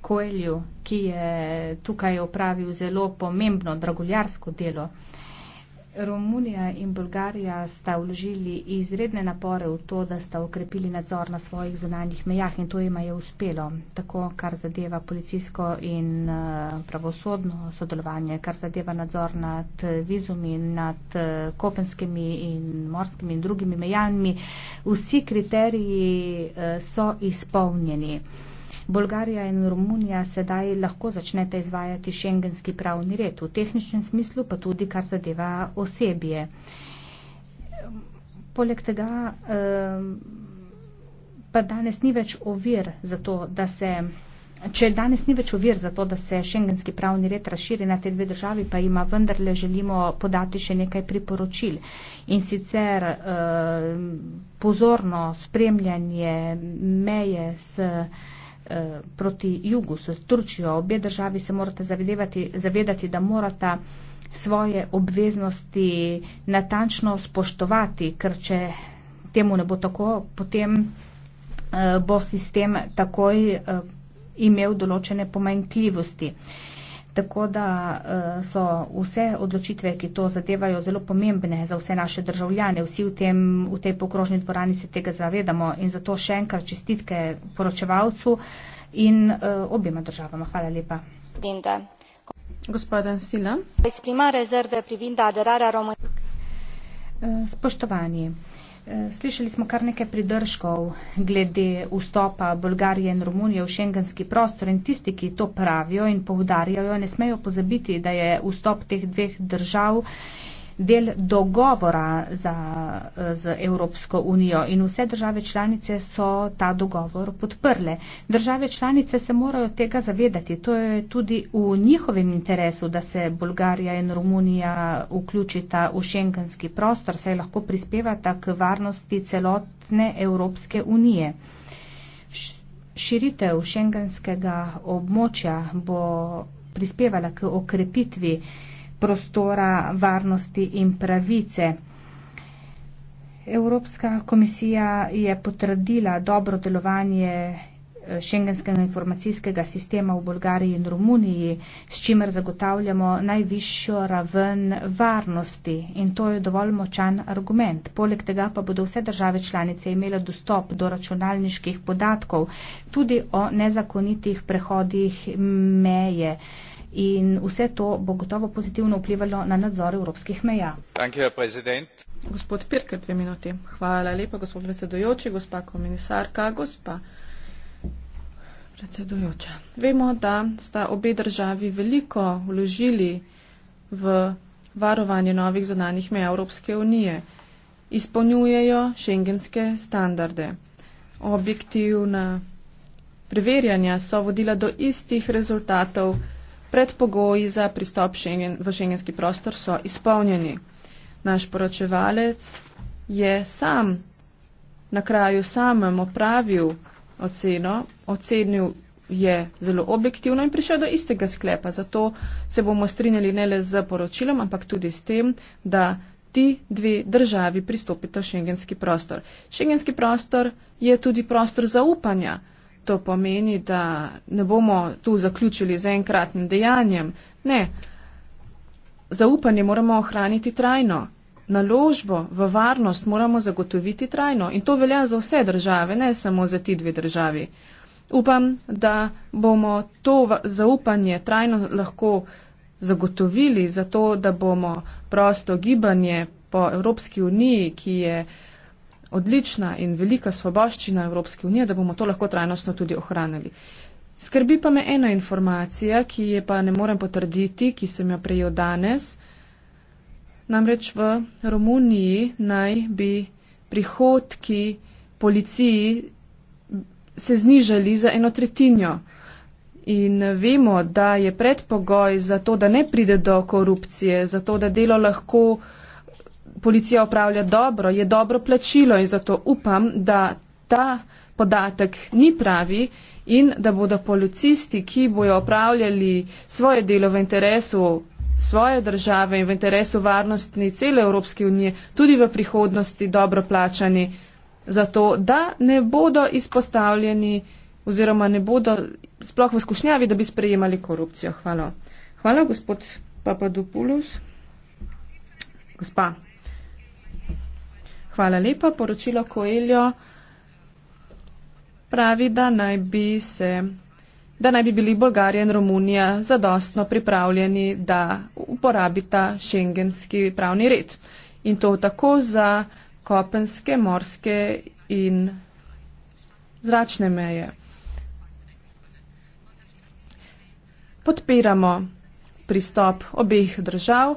Koelju, ki je tukaj opravil zelo pomembno draguljarsko delo. Romunija in Bolgarija sta vložili izredne napore v to, da sta okrepili nadzor na svojih zunanjih mejah in to ima je uspelo, tako kar zadeva policijsko in eh, pravosodno sodelovanje, kar zadeva nadzor nad vizumi, nad eh, kopenskimi in morskimi in drugimi mejanmi. Vsi kriteriji eh, so izpolnjeni. Bolgarija in Romunija sedaj lahko začnete izvajati šengenski pravni red, v tehničnem smislu pa tudi, kar zadeva osebje. Poleg tega pa danes ni več ovir za to, da se. Če danes ni več ovir za to, da se šengenski pravni red razširi na te dve državi, pa ima vendarle želimo podati še nekaj priporočil in sicer eh, pozorno spremljanje meje s. Eh, Eh, proti jugu, so Turčijo, obje državi se morate zavedevati, zavedati, da morata svoje obveznosti natančno spoštovati, ker če temu ne bo tako, potem eh, bo sistem takoj eh, imel določene pomanjkljivosti. Tako da eh, so vse odločitve, ki to zadevajo, zelo pomembne za vse naše državljane. Vsi v, tem, v tej pokrožni dvorani se tega zavedamo in zato še enkrat čestitke poročevalcu in eh, objema državama. Hvala lepa. Dinda. Gospodin Sila. Eh, Spoštovanje. Eh, slišali smo kar nekaj pridržkov glede vstopa Bolgarije in Romunije v šengenski prostor in tisti, ki to pravijo in povdarjajo, ne smejo pozabiti, da je vstop teh dveh držav del dogovora za, eh, z Evropsko unijo in vse države članice so ta dogovor podprle. Države članice se morajo tega zavedati. To je tudi v njihovem interesu, da se Bolgarija in Romunija vključita v šengenski prostor, saj lahko prispevata k varnosti celotne Evropske unije. Širitev šengenskega območja bo prispevala k okrepitvi prostora varnosti in pravice. Evropska komisija je potrdila dobro delovanje šengenskega informacijskega sistema v Bolgariji in Romuniji, s čimer zagotavljamo najvišjo raven varnosti in to je dovolj močan argument. Poleg tega pa bodo vse države članice imele dostop do računalniških podatkov tudi o nezakonitih prehodih meje. In vse to bo gotovo pozitivno vplivalo na nadzor evropskih meja. Gospod Pirker, dve minuti. Hvala lepa, gospod predsedujoči, gospa komisarka, gospa. Predsedujoča. Vemo, da sta obe državi veliko vložili v varovanje novih zonanih meja Evropske unije. Izpolnjujejo šengenske standarde. Objektivna preverjanja so vodila do istih rezultatov. Predpogoji za pristop šengen, v šengenski prostor so izpolnjeni. Naš poročevalec je sam na kraju samem opravil oceno ocenil je zelo objektivno in prišel do istega sklepa. Zato se bomo strinjali ne le z poročilom, ampak tudi s tem, da ti dve državi pristopita v šengenski prostor. Šengenski prostor je tudi prostor zaupanja. To pomeni, da ne bomo tu zaključili z enkratnim dejanjem. Ne. Zaupanje moramo ohraniti trajno. Naložbo v varnost moramo zagotoviti trajno. In to velja za vse države, ne samo za ti dve državi. Upam, da bomo to zaupanje trajno lahko zagotovili, zato da bomo prosto gibanje po Evropski uniji, ki je odlična in velika svoboščina Evropske unije, da bomo to lahko trajnostno tudi ohranili. Skrbi pa me ena informacija, ki je pa ne morem potrditi, ki sem jo prejel danes. Namreč v Romuniji naj bi prihodki policiji se znižali za eno tretjino. In vemo, da je predpogoj za to, da ne pride do korupcije, za to, da delo lahko policija opravlja dobro, je dobro plačilo. In zato upam, da ta podatek ni pravi in da bodo policisti, ki bojo opravljali svoje delo v interesu svoje države in v interesu varnosti cele Evropske unije, tudi v prihodnosti dobro plačani zato da ne bodo izpostavljeni oziroma ne bodo sploh v skušnjavi, da bi sprejemali korupcijo. Hvala. Hvala, gospod Papadopoulos. Gospa. Hvala lepa. Poročilo Koeljo pravi, da naj bi se da naj bi bili Bolgarija in Romunija zadostno pripravljeni, da uporabita šengenski pravni red. In to tako za kopenske, morske in zračne meje. Podpiramo pristop obeh držav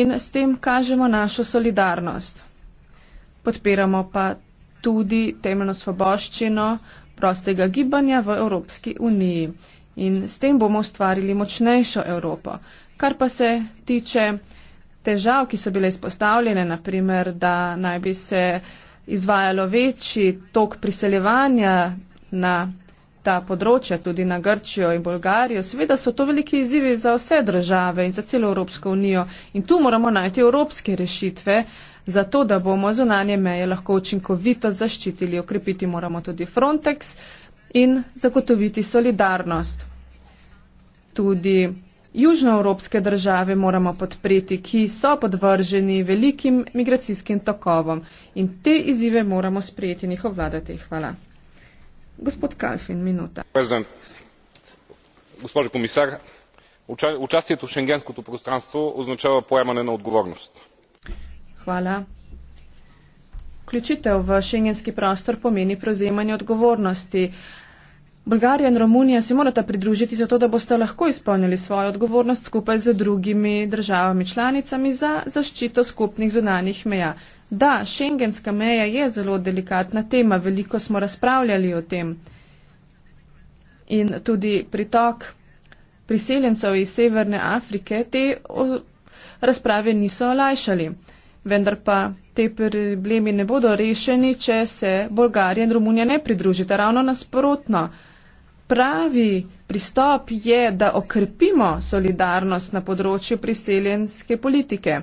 in s tem kažemo našo solidarnost. Podpiramo pa tudi temeljno svoboščino prostega gibanja v Evropski uniji in s tem bomo ustvarili močnejšo Evropo. Kar pa se tiče težav, ki so bile izpostavljene, naprimer, da naj bi se izvajalo večji tok priseljevanja na ta področja, tudi na Grčijo in Bolgarijo. Seveda so to veliki izzivi za vse države in za celo Evropsko unijo in tu moramo najti evropske rešitve, zato da bomo zunanje meje lahko učinkovito zaščitili. Okrepiti moramo tudi Frontex in zagotoviti solidarnost. Tudi južnoevropske države moramo podpreti, ki so podvrženi velikim migracijskim tokovom in te izzive moramo sprejeti in jih obvladati. Hvala. Gospod Kalfin, minuta. Prezident, gospod komisar, učastje v šengensko prostorstvo označava pojemanje na odgovornost. Hvala. Vključitev v šengenski prostor pomeni prevzemanje odgovornosti. Uh, Bolgarija in Romunija se morata pridružiti, zato da boste lahko izpolnili svojo odgovornost skupaj z drugimi državami članicami za zaščito skupnih zunanih meja. Da, šengenska meja je zelo delikatna tema, veliko smo razpravljali o tem. In tudi pritok priseljencev iz Severne Afrike te razprave niso olajšali. Vendar pa te problemi ne bodo rešeni, če se Bolgarija in Romunija ne pridružita. Ravno nasprotno pravi pristop je, da okrepimo solidarnost na področju priseljenske politike.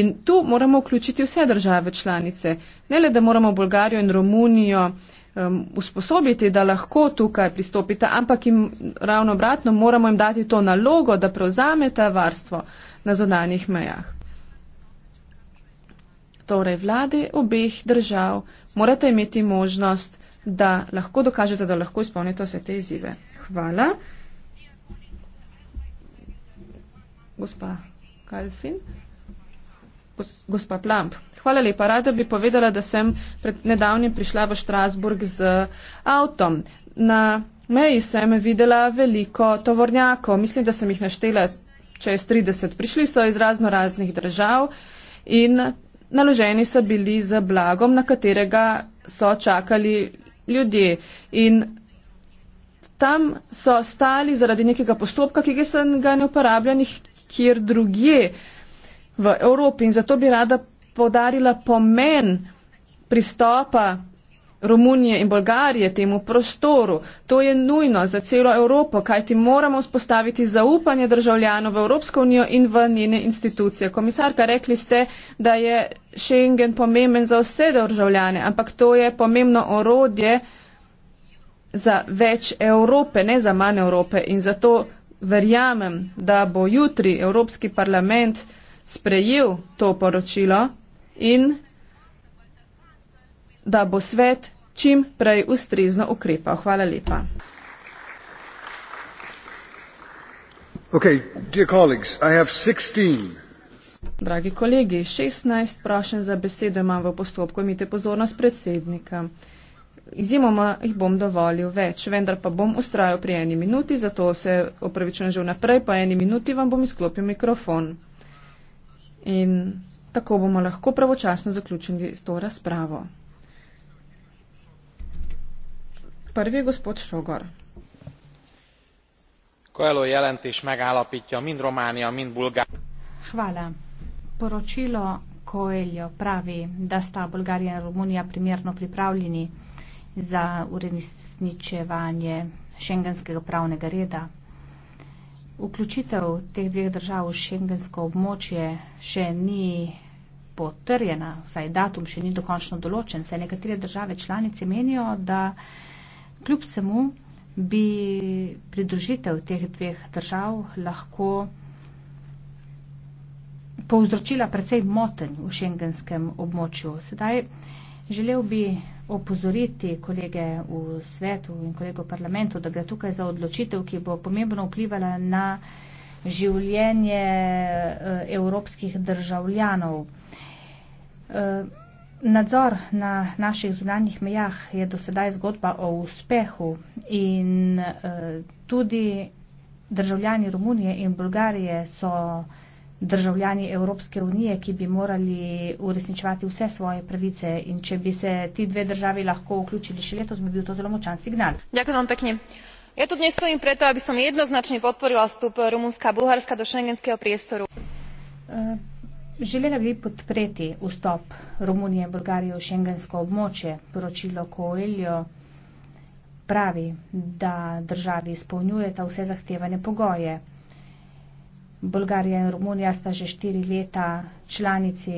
In tu moramo vključiti vse države članice. Ne le, da moramo Bolgarijo in Romunijo um, usposobiti, da lahko tukaj pristopite, ampak jim ravno obratno moramo jim dati to nalogo, da prevzameta varstvo na zonanjih mejah. Torej, vlade obeh držav morate imeti možnost da lahko dokažete, da lahko izpolnite vse te izzive. Hvala. Gospa Kalfin. Gospa Plamp. Hvala lepa. Rada bi povedala, da sem pred nedavnim prišla v Štrasburg z avtom. Na meji sem videla veliko tovornjakov. Mislim, da sem jih naštela čez 30. Prišli so iz razno raznih držav in naloženi so bili z blagom, na katerega so čakali ljudje. In tam so stali zaradi nekega postopka, ki ga sem ga ne uporabljal, kjer drugje v Evropi. In zato bi rada podarila pomen pristopa Romunije in Bolgarije temu prostoru. To je nujno za celo Evropo, kajti moramo spostaviti zaupanje državljanov v Evropsko unijo in v njene institucije. Komisarka, rekli ste, da je Schengen pomemben za vse državljane, ampak to je pomembno orodje za več Evrope, ne za manj Evrope. In zato verjamem, da bo jutri Evropski parlament sprejel to poročilo in da bo svet čim prej ustrezno ukrepal. Hvala lepa. Okay, dear colleagues, I have 16. Dragi kolegi, 16 prošen za besedo imam v postopku, imite pozornost predsednika. Izjemoma jih bom dovolil več, vendar pa bom ustrajal pri eni minuti, zato se opravičujem že vnaprej, po eni minuti vam bom izklopil mikrofon. In tako bomo lahko pravočasno zaključili s to razpravo. Prvi gospod Sogor. Koelo jelentés megállapítja, mind Románia, mind Bulgária. Hvala. Poročilo Koelo pravi, da sta Bulgária in Románia primerno pripravljeni za uredničevanje šengenskega pravnega reda. Vključitev teh dveh držav v šengensko območje še ni potrjena, saj datum še ni dokončno določen, saj nekatere države članice menijo, da Kljub vsemu bi pridružitev teh dveh držav lahko povzročila precej moten v šengenskem območju. Sedaj želel bi opozoriti kolege v svetu in kolego v parlamentu, da gre tukaj za odločitev, ki bo pomembno vplivala na življenje eh, evropskih državljanov. Eh, Nadzor na naših zunanjih mejah je dosedaj zgodba o uspehu in eh, tudi državljani Romunije in Bulgarije so državljani Evropske unije, ki bi morali uresničevati vse svoje pravice in če bi se ti dve državi lahko vključili še letos, bi bil to zelo močan signal. Ďakujem vám pekne. Ja tu dnes stojím preto, aby som jednoznačne podporila vstup Rumunska a Bulharska do šengenského priestoru. Uh, Želela bi podpreti vstop Romunije in Bolgarije v šengensko območje. Poročilo Koeljo pravi, da državi izpolnjujeta vse zahtevane pogoje. Bolgarija in Romunija sta že štiri leta članici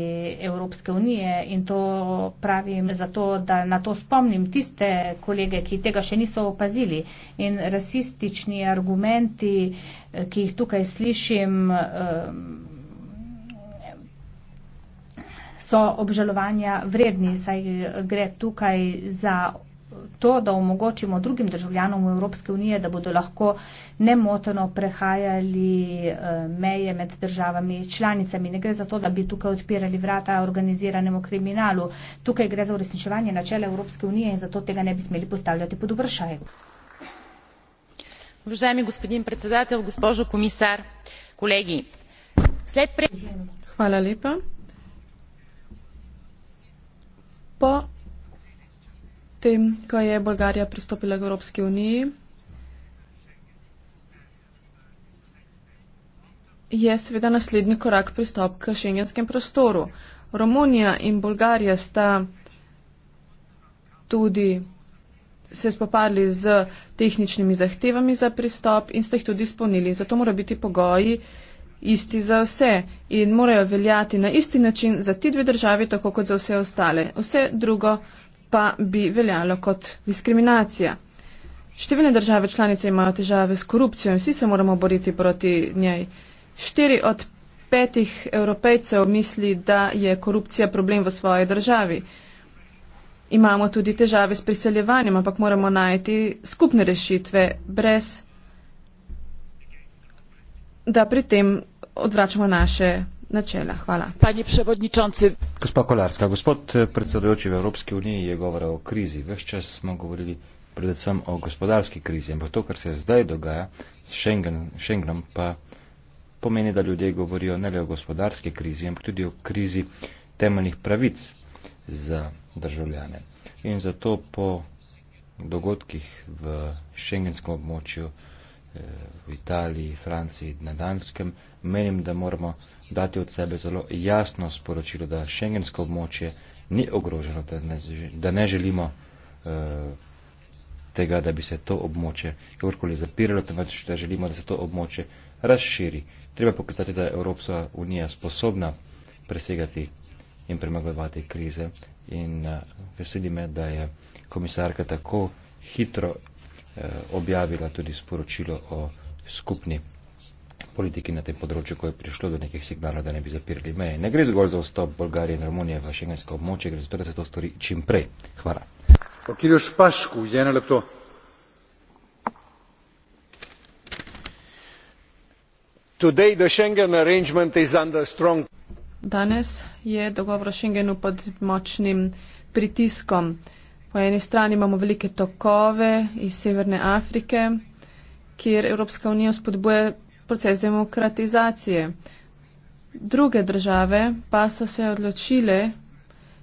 Evropske unije in to pravim zato, da na to spomnim tiste kolege, ki tega še niso opazili. In rasistični argumenti, ki jih tukaj slišim. Um, so obžalovanja vredni, saj eh, gre tukaj za to, da omogočimo drugim državljanom Evropske unije, da bodo lahko nemoteno prehajali eh, meje med državami članicami. Ne gre za to, da bi tukaj odpirali vrata organiziranemu kriminalu. Tukaj gre za uresničevanje načela Evropske unije in zato tega ne bi smeli postavljati pod vprašaj. Vžemi gospodin predsedatelj, gospožo komisar, kolegi. Pre... Hvala lepa. po tem, ko je Bolgarija pristopila k Evropski uniji, je seveda naslednji korak pristop k šengenskem prostoru. Romunija in Bolgarija sta tudi se spopadli z tehničnimi zahtevami za pristop in ste jih tudi spolnili. Zato mora biti pogoji uh, isti za vse in morajo veljati na isti način za ti dve državi, tako kot za vse ostale. Vse drugo pa bi veljalo kot diskriminacija. Številne države članice imajo težave s korupcijo in vsi se moramo boriti proti njej. Štiri od petih evropejcev misli, da je korupcija problem v svoji državi. Imamo tudi težave s priseljevanjem, ampak moramo najti skupne rešitve, brez da pri tem odvračamo naše načela. Hvala. Panje prevodničanci. Gospod Kolarska, gospod e, predsedujoči v Evropski uniji je govoril o krizi. Ves čas smo govorili predvsem o gospodarski krizi, ampak to, kar se zdaj dogaja s Schengen, Schengenom, pa pomeni, da ljudje govorijo ne le o gospodarski krizi, ampak tudi o krizi temeljnih pravic za državljane. In zato po dogodkih v šengenskem območju v Italiji, Franciji, na Danskem, menim, da moramo dati od sebe zelo jasno sporočilo, da šengensko območje ni ogroženo, da ne, da ne želimo eh, tega, da bi se to območje kakorkoli zapiralo, temveč da želimo, da se to območje razširi. Treba pokazati, da je Evropska unija sposobna presegati in premagovati krize in eh, veseli me, da je komisarka tako hitro Eh, objavila tudi sporočilo o skupni politiki na tem področju, ko je prišlo do nekih signalov, da ne bi zapirali meje. Ne gre zgolj za vstop Bolgarije in Romunije v šengensko območje, gre za to, da se to stori čim prej. Hvala. Danes je dogovor o Schengenu pod močnim pritiskom. Po eni strani imamo velike tokove iz Severne Afrike, kjer Evropska unija spodbuje proces demokratizacije. Druge države pa so se odločile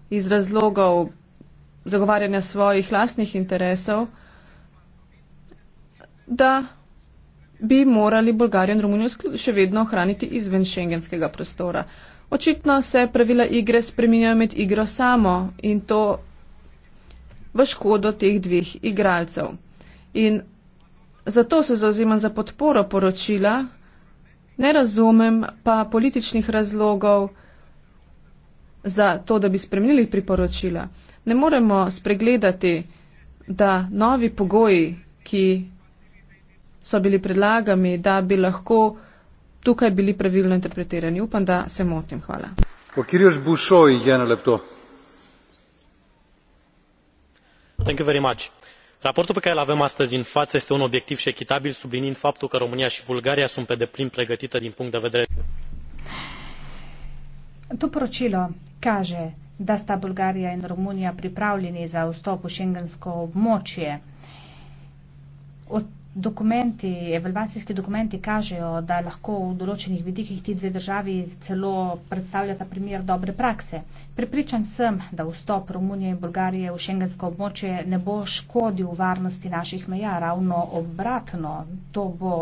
iz razlogov zagovarjanja svojih lastnih interesov, da bi morali Bolgarijo in Romunijo še vedno ohraniti izven šengenskega prostora. Očitno se pravila igre spreminjajo med igro samo in to v škodo teh dveh igralcev. In zato se zauzemam za podporo poročila, ne razumem pa političnih razlogov za to, da bi spremenili priporočila. Ne moremo spregledati, da novi pogoji, ki so bili predlagami, da bi lahko tukaj bili pravilno interpretirani. Upam, da se motim. Hvala. Po Kirjoš Bušoj je na lepto raportul pe care îl avem astăzi în față este un obiectiv și echitabil subliniind faptul că românia și bulgaria sunt pe deplin pregătite din punct de vedere Tu procilo kaže, da sta Bulgarija in Romunija pripravljeni za vstop v šengensko območje. Od Dokumenti, evalvacijski dokumenti kažejo, da lahko v določenih vidikih ti dve državi celo predstavljata primer dobre prakse. Pripričan sem, da vstop Romunije in Bolgarije v šengensko območje ne bo škodil varnosti naših meja, ravno obratno. To bo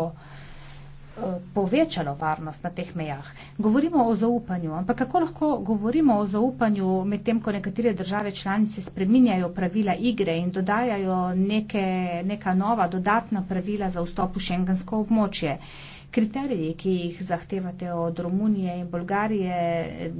povečalo varnost na teh mejah. Govorimo o zaupanju, ampak kako lahko govorimo o zaupanju med tem, ko nekatere države članice spreminjajo pravila igre in dodajajo neke, neka nova dodatna pravila za vstop v šengensko območje. Kriteriji, ki jih zahtevate od Romunije in Bolgarije,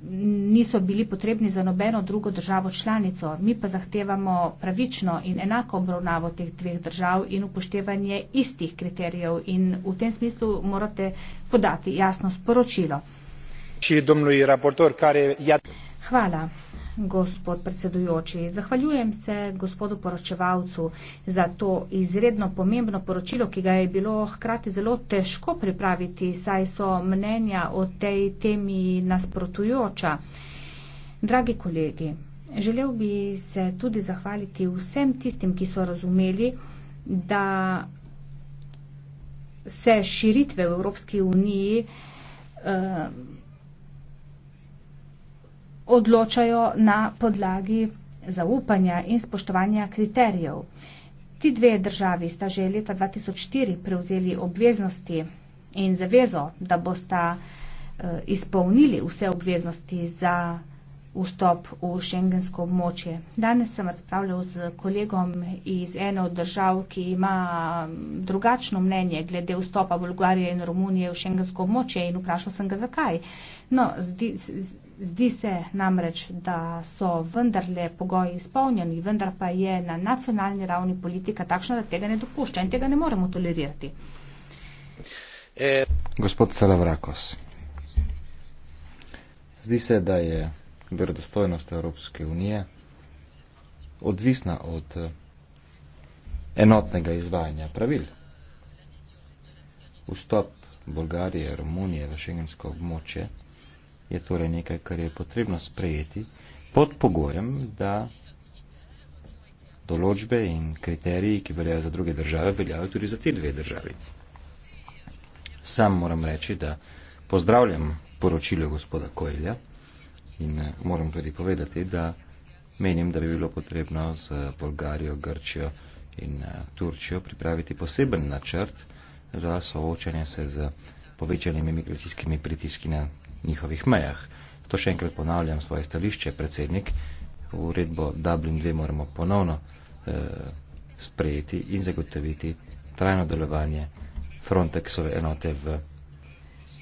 niso bili potrebni za nobeno drugo državo članico. Mi pa zahtevamo pravično in enako obravnavo teh dveh držav in upoštevanje istih kriterijev in v tem smislu morate podati jasno sporočilo. Hvala gospod predsedujoči. Zahvaljujem se gospodu poročevalcu za to izredno pomembno poročilo, ki ga je bilo hkrati zelo težko pripraviti, saj so mnenja o tej temi nasprotujoča. Dragi kolegi, želel bi se tudi zahvaliti vsem tistim, ki so razumeli, da se širitve v Evropski uniji eh, odločajo na podlagi zaupanja in spoštovanja kriterijev. Ti dve državi sta že leta 2004 prevzeli obveznosti in zavezo, da bosta eh, izpolnili vse obveznosti za vstop v šengensko območje. Danes sem razpravljal z kolegom iz ene od držav, ki ima mm, drugačno mnenje glede vstopa Bulgarije in Romunije v šengensko območje in vprašal sem ga zakaj. No, zdi, Zdi se namreč, da so vendarle pogoji izpolnjeni, vendar pa je na nacionalni ravni politika takšna, da tega ne dopušča in tega ne moremo tolerirati. E... Gospod Celavrakos, zdi se, da je verodostojnost Evropske unije odvisna od eh, enotnega izvajanja pravil. Vstop Bolgarije, Romunije v šengensko območje je torej nekaj, kar je potrebno sprejeti pod pogojem, da določbe in kriteriji, ki veljajo za druge države, veljajo tudi za te dve državi. Sam moram reči, da pozdravljam poročilo gospoda Kojelja in eh, moram tudi povedati, da menim, da bi bilo potrebno z Bolgarijo, Grčijo in eh, Turčijo pripraviti poseben načrt za soočanje se z povečanimi migracijskimi pritiski na njihovih mejah. To še enkrat ponavljam svoje stališče, predsednik, v uredbo Dublin 2 moramo ponovno eh, sprejeti in zagotoviti trajno delovanje Frontexove enote v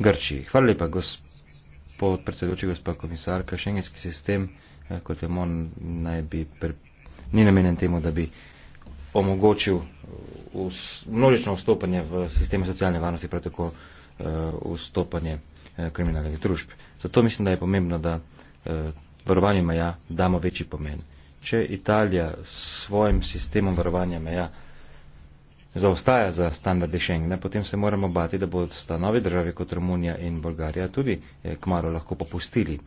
Grčiji. Hvala lepa, gospod predsedujoči, gospod komisarka, šengenski sistem, eh, kot vemo, naj bi pri, ni namenjen temu, da bi omogočil eh, množično vstopanje v sisteme socialne varnosti, prav tako eh, vstopanje Eh, kriminalnih družb. Zato mislim, da je pomembno, da eh, varovanje meja damo večji pomen. Če Italija s svojim sistemom varovanja meja zaostaja za standardi Schengena, potem se moramo bati, da bodo stanovi države kot Romunija in Bolgarija tudi eh, kmalo lahko popustili.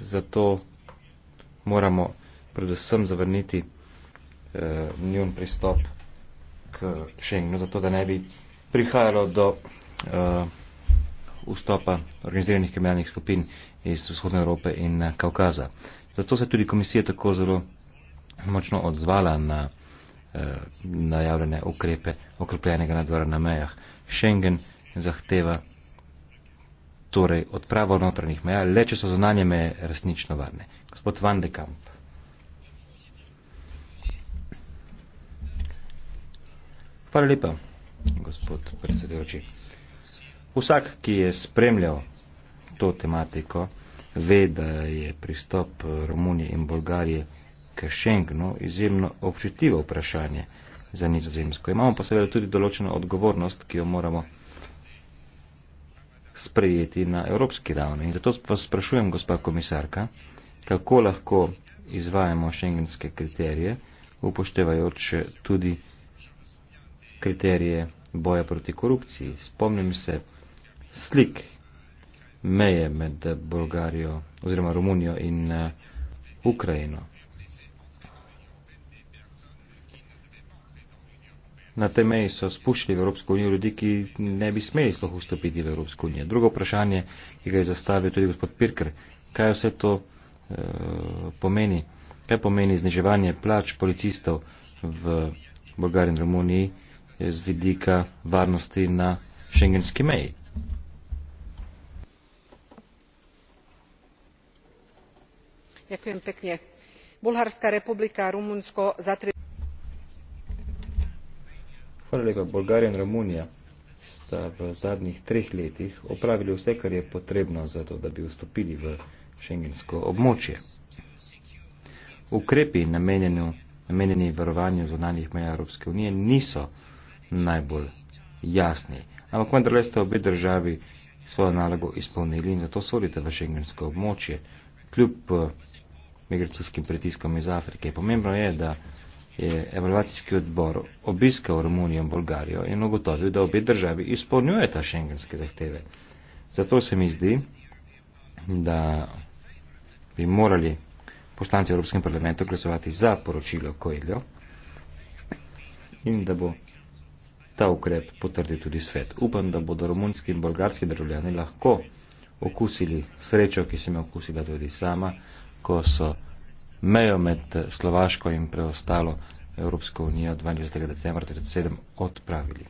Zato moramo predvsem zavrniti eh, njun pristop k Schengenu, zato da ne bi prihajalo do eh, vstopa organiziranih kriminalnih skupin iz vzhodne Evrope in eh, Kaukaza. Zato se je tudi komisija tako zelo močno odzvala na eh, najavljene ukrepe okrepljenega nadzora na mejah. Schengen zahteva torej odpravo notranjih meja, le če so zunanje meje resnično varne. Gospod Van de Kamp. Hvala lepa, gospod predsedujoči. Vsak, ki je spremljal to tematiko, ve, da je pristop Romunije in Bolgarije k Schengenu izjemno občutljivo vprašanje za nizozemsko. Imamo pa seveda tudi določeno odgovornost, ki jo moramo sprejeti na evropski ravni. In zato vas sprašujem, gospa komisarka, kako lahko izvajamo šengenske kriterije, upoštevajoč tudi kriterije boja proti korupciji. Spomnim se, slik meje med Bolgarijo oziroma Romunijo in eh, Ukrajino. Na tej meji so spuščali v Evropsko unijo ljudi, ki ne bi smeli sploh vstopiti v Evropsko unijo. Drugo vprašanje, ki ga je zastavil tudi gospod Pirker, kaj vse to e, pomeni? Kaj pomeni zniževanje plač policistov v Bolgariji in Romuniji z vidika varnosti na šengenski meji? bolharska republika rumunsko zatrjujeta da bolgarija in romunija sta v zadnjih treh letih opravili vse kar je potrebno za to da bi vstopili v schengensko območje ukrepi namenjeni varovanju zunanjih meja evropske unije niso najbolj jasni ampak vendarle sta obe državi svojo nalogo izpolnili in zato sodita v schengensko območje kljub migracijskim pritiskom iz Afrike. Pomembno je, da je evaluacijski odbor obiskal Romunijo in Bolgarijo in ugotovil, da obe državi izpolnjuje ta šengenske zahteve. Zato se mi zdi, da bi morali poslanci Evropskem parlamentu glasovati za poročilo Koeljo in da bo ta ukrep potrdil tudi svet. Upam, da bodo romunski in bolgarski državljani lahko okusili srečo, ki sem jo okusila tudi sama, ko so mejo med Slovaško in preostalo Evropsko unijo 12. decembra 2007 odpravili.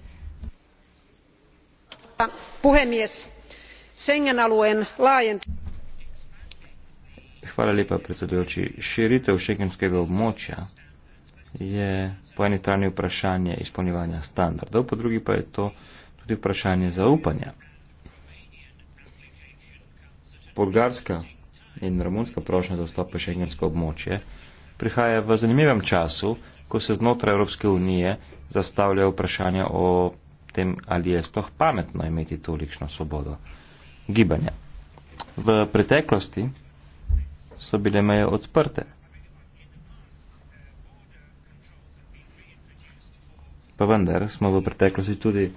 Hvala lepa, predsedujoči. Širitev šengenskega območja je po eni strani vprašanje izpolnjevanja standardov, po drugi pa je to tudi vprašanje zaupanja. Bulgarska in romunska prošnja za vstop v šengensko območje prihaja v zanimivem času, ko se znotraj Evropske unije zastavlja vprašanje o tem, ali je sploh pametno imeti tolikšno svobodo gibanja. V preteklosti so bile meje odprte. Pa vendar smo v preteklosti tudi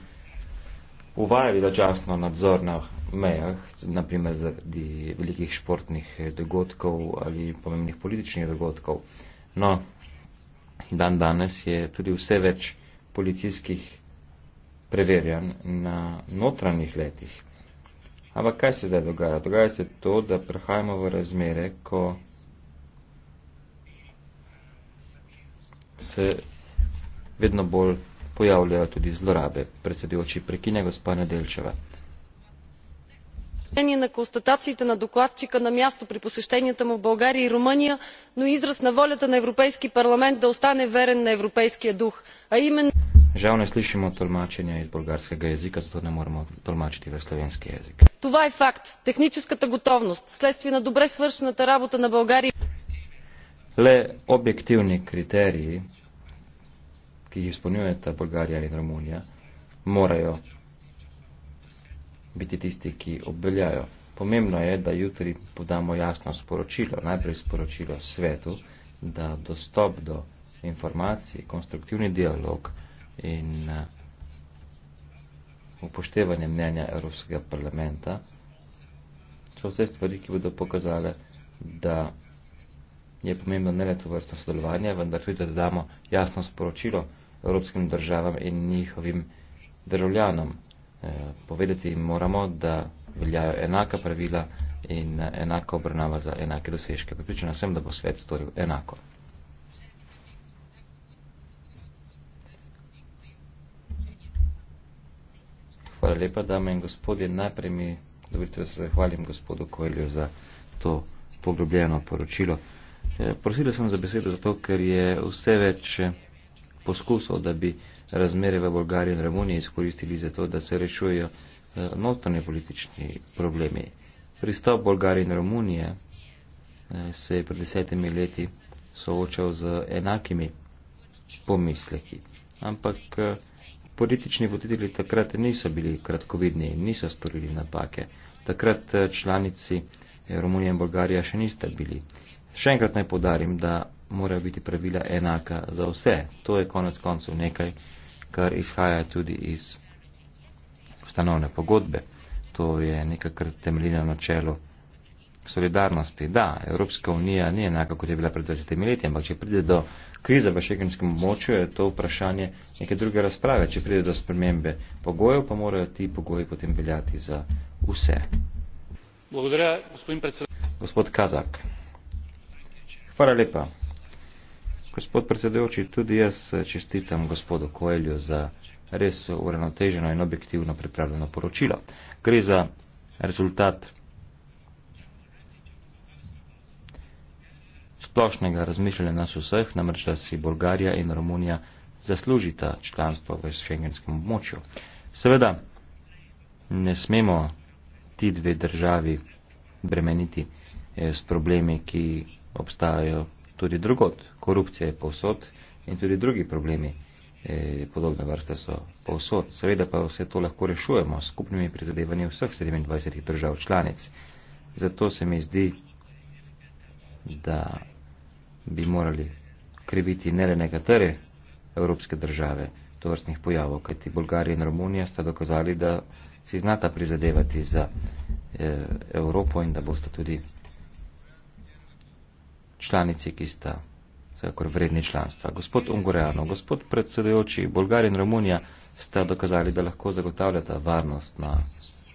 uvajali začasno nadzor na mejah, naprimer zaradi velikih športnih dogodkov ali pomembnih političnih dogodkov. No, dan danes je tudi vse več policijskih preverjan na notranjih letih. Ampak kaj se zdaj dogaja? Dogaja se to, da prehajamo v razmere, ko se vedno bolj pojavljajo tudi zlorabe. Predsedujoči prekinja gospa Nedelčeva отношение на констатациите на докладчика на място при посещенията му в българия и румъния но и израз на волята на европейския парламент да остане верен на европейския дух а именно Жал не слышим от тълмачения из българска езика, зато не можем от тълмачите в славянски език. Това е факт. Техническата готовност, следствие на добре свършената работа на България... Ле обективни критерии, ки изпълнюват България и Румъния, морайо biti tisti, ki obveljajo. Pomembno je, da jutri podamo jasno sporočilo, najprej sporočilo svetu, da dostop do informacij, konstruktivni dialog in eh, upoštevanje mnenja Evropskega parlamenta so vse stvari, ki bodo pokazale, da je pomembno ne le to vrsto sodelovanja, vendar tudi, da damo jasno sporočilo Evropskim državam in njihovim državljanom, Eh, povedati moramo, da veljajo enaka pravila in enaka obravnava za enake dosežke. Pripričana sem, da bo svet storil enako. Hvala lepa, dame in gospodje. Najprej mi dovolite, da se zahvalim gospodu Koelju za to poglobljeno poročilo. Eh, prosila sem za besedo zato, ker je vse več eh, poskusov, da bi razmere v Bolgariji in Romuniji izkoristili za to, da se rešujejo eh, notranje politični problemi. Pristop Bolgarije in Romunije eh, se je pred desetimi leti soočal z enakimi pomisleki. Ampak eh, politični voditelji takrat niso bili kratkovidni, niso storili napake. Takrat članici Romunije in Bolgarija še nista bili. Še enkrat naj podarim, da morajo biti pravila enaka za vse. To je konec koncev nekaj, kar izhaja tudi iz ustanovne pogodbe. To je nekakr temeljino načelo solidarnosti. Da, Evropska unija ni enaka, kot je bila pred 20 leti, ampak če pride do krize v šekenskem območju, je to vprašanje neke druge razprave. Če pride do spremembe pogojev, pa morajo ti pogoji potem veljati za vse. Благодаря, господин председател. Господ Казак. Хвала лепа. Gospod predsedujoči, tudi jaz eh, čestitam gospodu Koelju za res uravnoteženo in objektivno pripravljeno poročilo. Gre za rezultat splošnega razmišljanja nas vseh, namreč da si Bolgarija in Romunija zaslužita članstvo v šengenskem območju. Seveda, ne smemo ti dve državi bremeniti eh, s problemi, ki obstajajo tudi drugod, korupcija je povsod in tudi drugi problemi eh, podobne vrste so povsod. Seveda pa vse to lahko rešujemo s skupnimi prizadevanji vseh 27 držav članic. Zato se mi zdi, da bi morali kriviti ne le nekatere evropske države tovrstnih pojavov, kajti Bolgarija in Romunija sta dokazali, da si znata prizadevati za eh, Evropo in da bosta tudi članici, ki sta vsekakor vredni članstva. Gospod Ungurejano, gospod predsedujoči, Bolgarija in Romunija sta dokazali, da lahko zagotavljata varnost na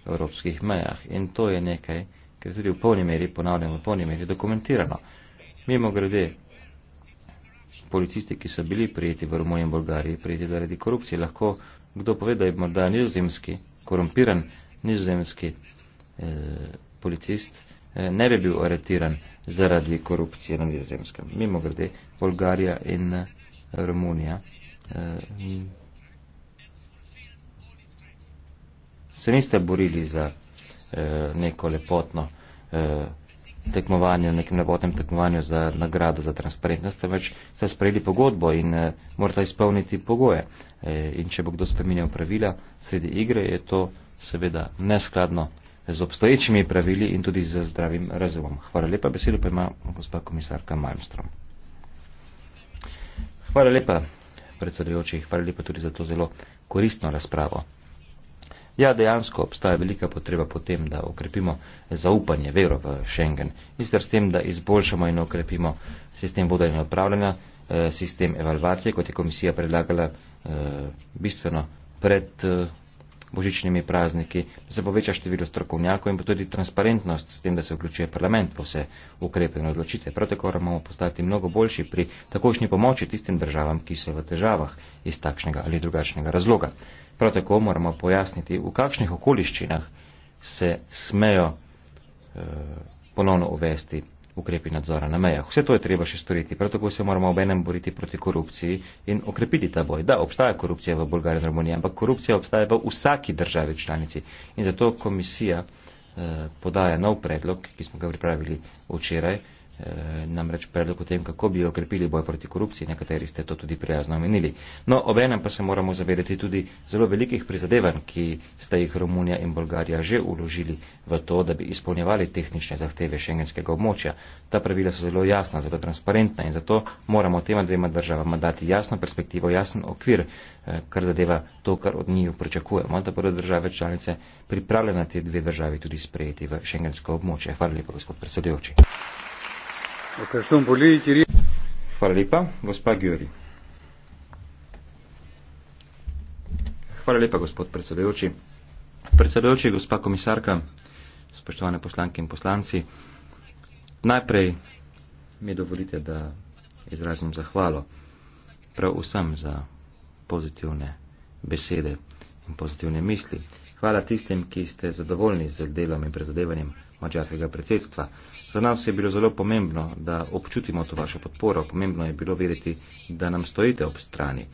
evropskih mejah in to je nekaj, kar je tudi v polni meri, ponavljam, v polni meri dokumentirano. Mimo grede, policisti, ki so bili prijeti v Romuniji in Bolgariji, prijeti zaradi korupcije, lahko kdo pove, da je morda nizozemski, korumpiran nizozemski eh, policist, eh, ne bi bil aretiran zaradi korupcije na nizozemskem. Mimo grede, Bolgarija in eh, Romunija eh, se niste borili za eh, neko lepotno eh, tekmovanje, nekem lepotnem tekmovanju za nagrado za transparentnost, temveč ste sprejeli pogodbo in eh, morate izpolniti pogoje. Eh, in če bo kdo spreminjal pravila sredi igre, je to seveda neskladno z obstoječimi pravili in tudi z zdravim razumom. Hvala lepa, besedo pa ima gospa komisarka Malmstrom. Hvala lepa, predsedujoči, hvala lepa tudi za to zelo koristno razpravo. Ja, dejansko obstaja velika potreba po tem, da okrepimo zaupanje, vero v Schengen. Mislim, s tem, da izboljšamo in okrepimo sistem vodenja in upravljanja, eh, sistem evalvacije, kot je komisija predlagala eh, bistveno pred eh, božičnimi prazniki, da se poveča število strokovnjakov in pa tudi transparentnost s tem, da se vključuje parlament v vse ukrepe in odločitve. Prav tako moramo postati mnogo boljši pri takošnji pomoči tistim državam, ki so v težavah iz takšnega ali drugačnega razloga. Prav tako moramo pojasniti, v kakšnih okoliščinah se smejo eh, ponovno uvesti ukrepi nadzora na mejah. Vse to je treba še storiti. Prav tako se moramo ob enem boriti proti korupciji in okrepiti ta boj. Da, obstaja korupcija v Bolgariji in Romuniji, ampak korupcija obstaja v vsaki državi članici. In zato komisija eh, podaja nov predlog, ki smo ga pripravili včeraj, Eh, namreč predlog o tem, kako bi okrepili boj proti korupciji, nekateri ste to tudi prijazno omenili. No, obenem pa se moramo zavedati tudi zelo velikih prizadevanj, ki sta jih Romunija in Bolgarija že uložili v to, da bi izpolnjevali tehnične zahteve šengenskega območja. Ta pravila so zelo jasna, zelo transparentna in zato moramo tema dvema državama dati jasno perspektivo, jasen okvir, eh, kar zadeva to, kar od njih pričakujemo, da bodo države članice pripravljene te dve državi tudi sprejeti v šengensko območje. Hvala lepa, gospod predsedujoči. Hvala lepa, gospa Gjuri. Hvala lepa, gospod predsedujoči. Predsedujoči, gospa komisarka, spoštovane poslanke in poslanci, najprej mi dovolite, da izrazim zahvalo prav vsem za pozitivne besede in pozitivne misli. Hvala tistim, ki ste zadovoljni z delom in prezadevanjem mačarskega predsedstva. Za nas je bilo zelo pomembno, da občutimo to vašo podporo. Pomembno je bilo vedeti, da nam stojite ob strani.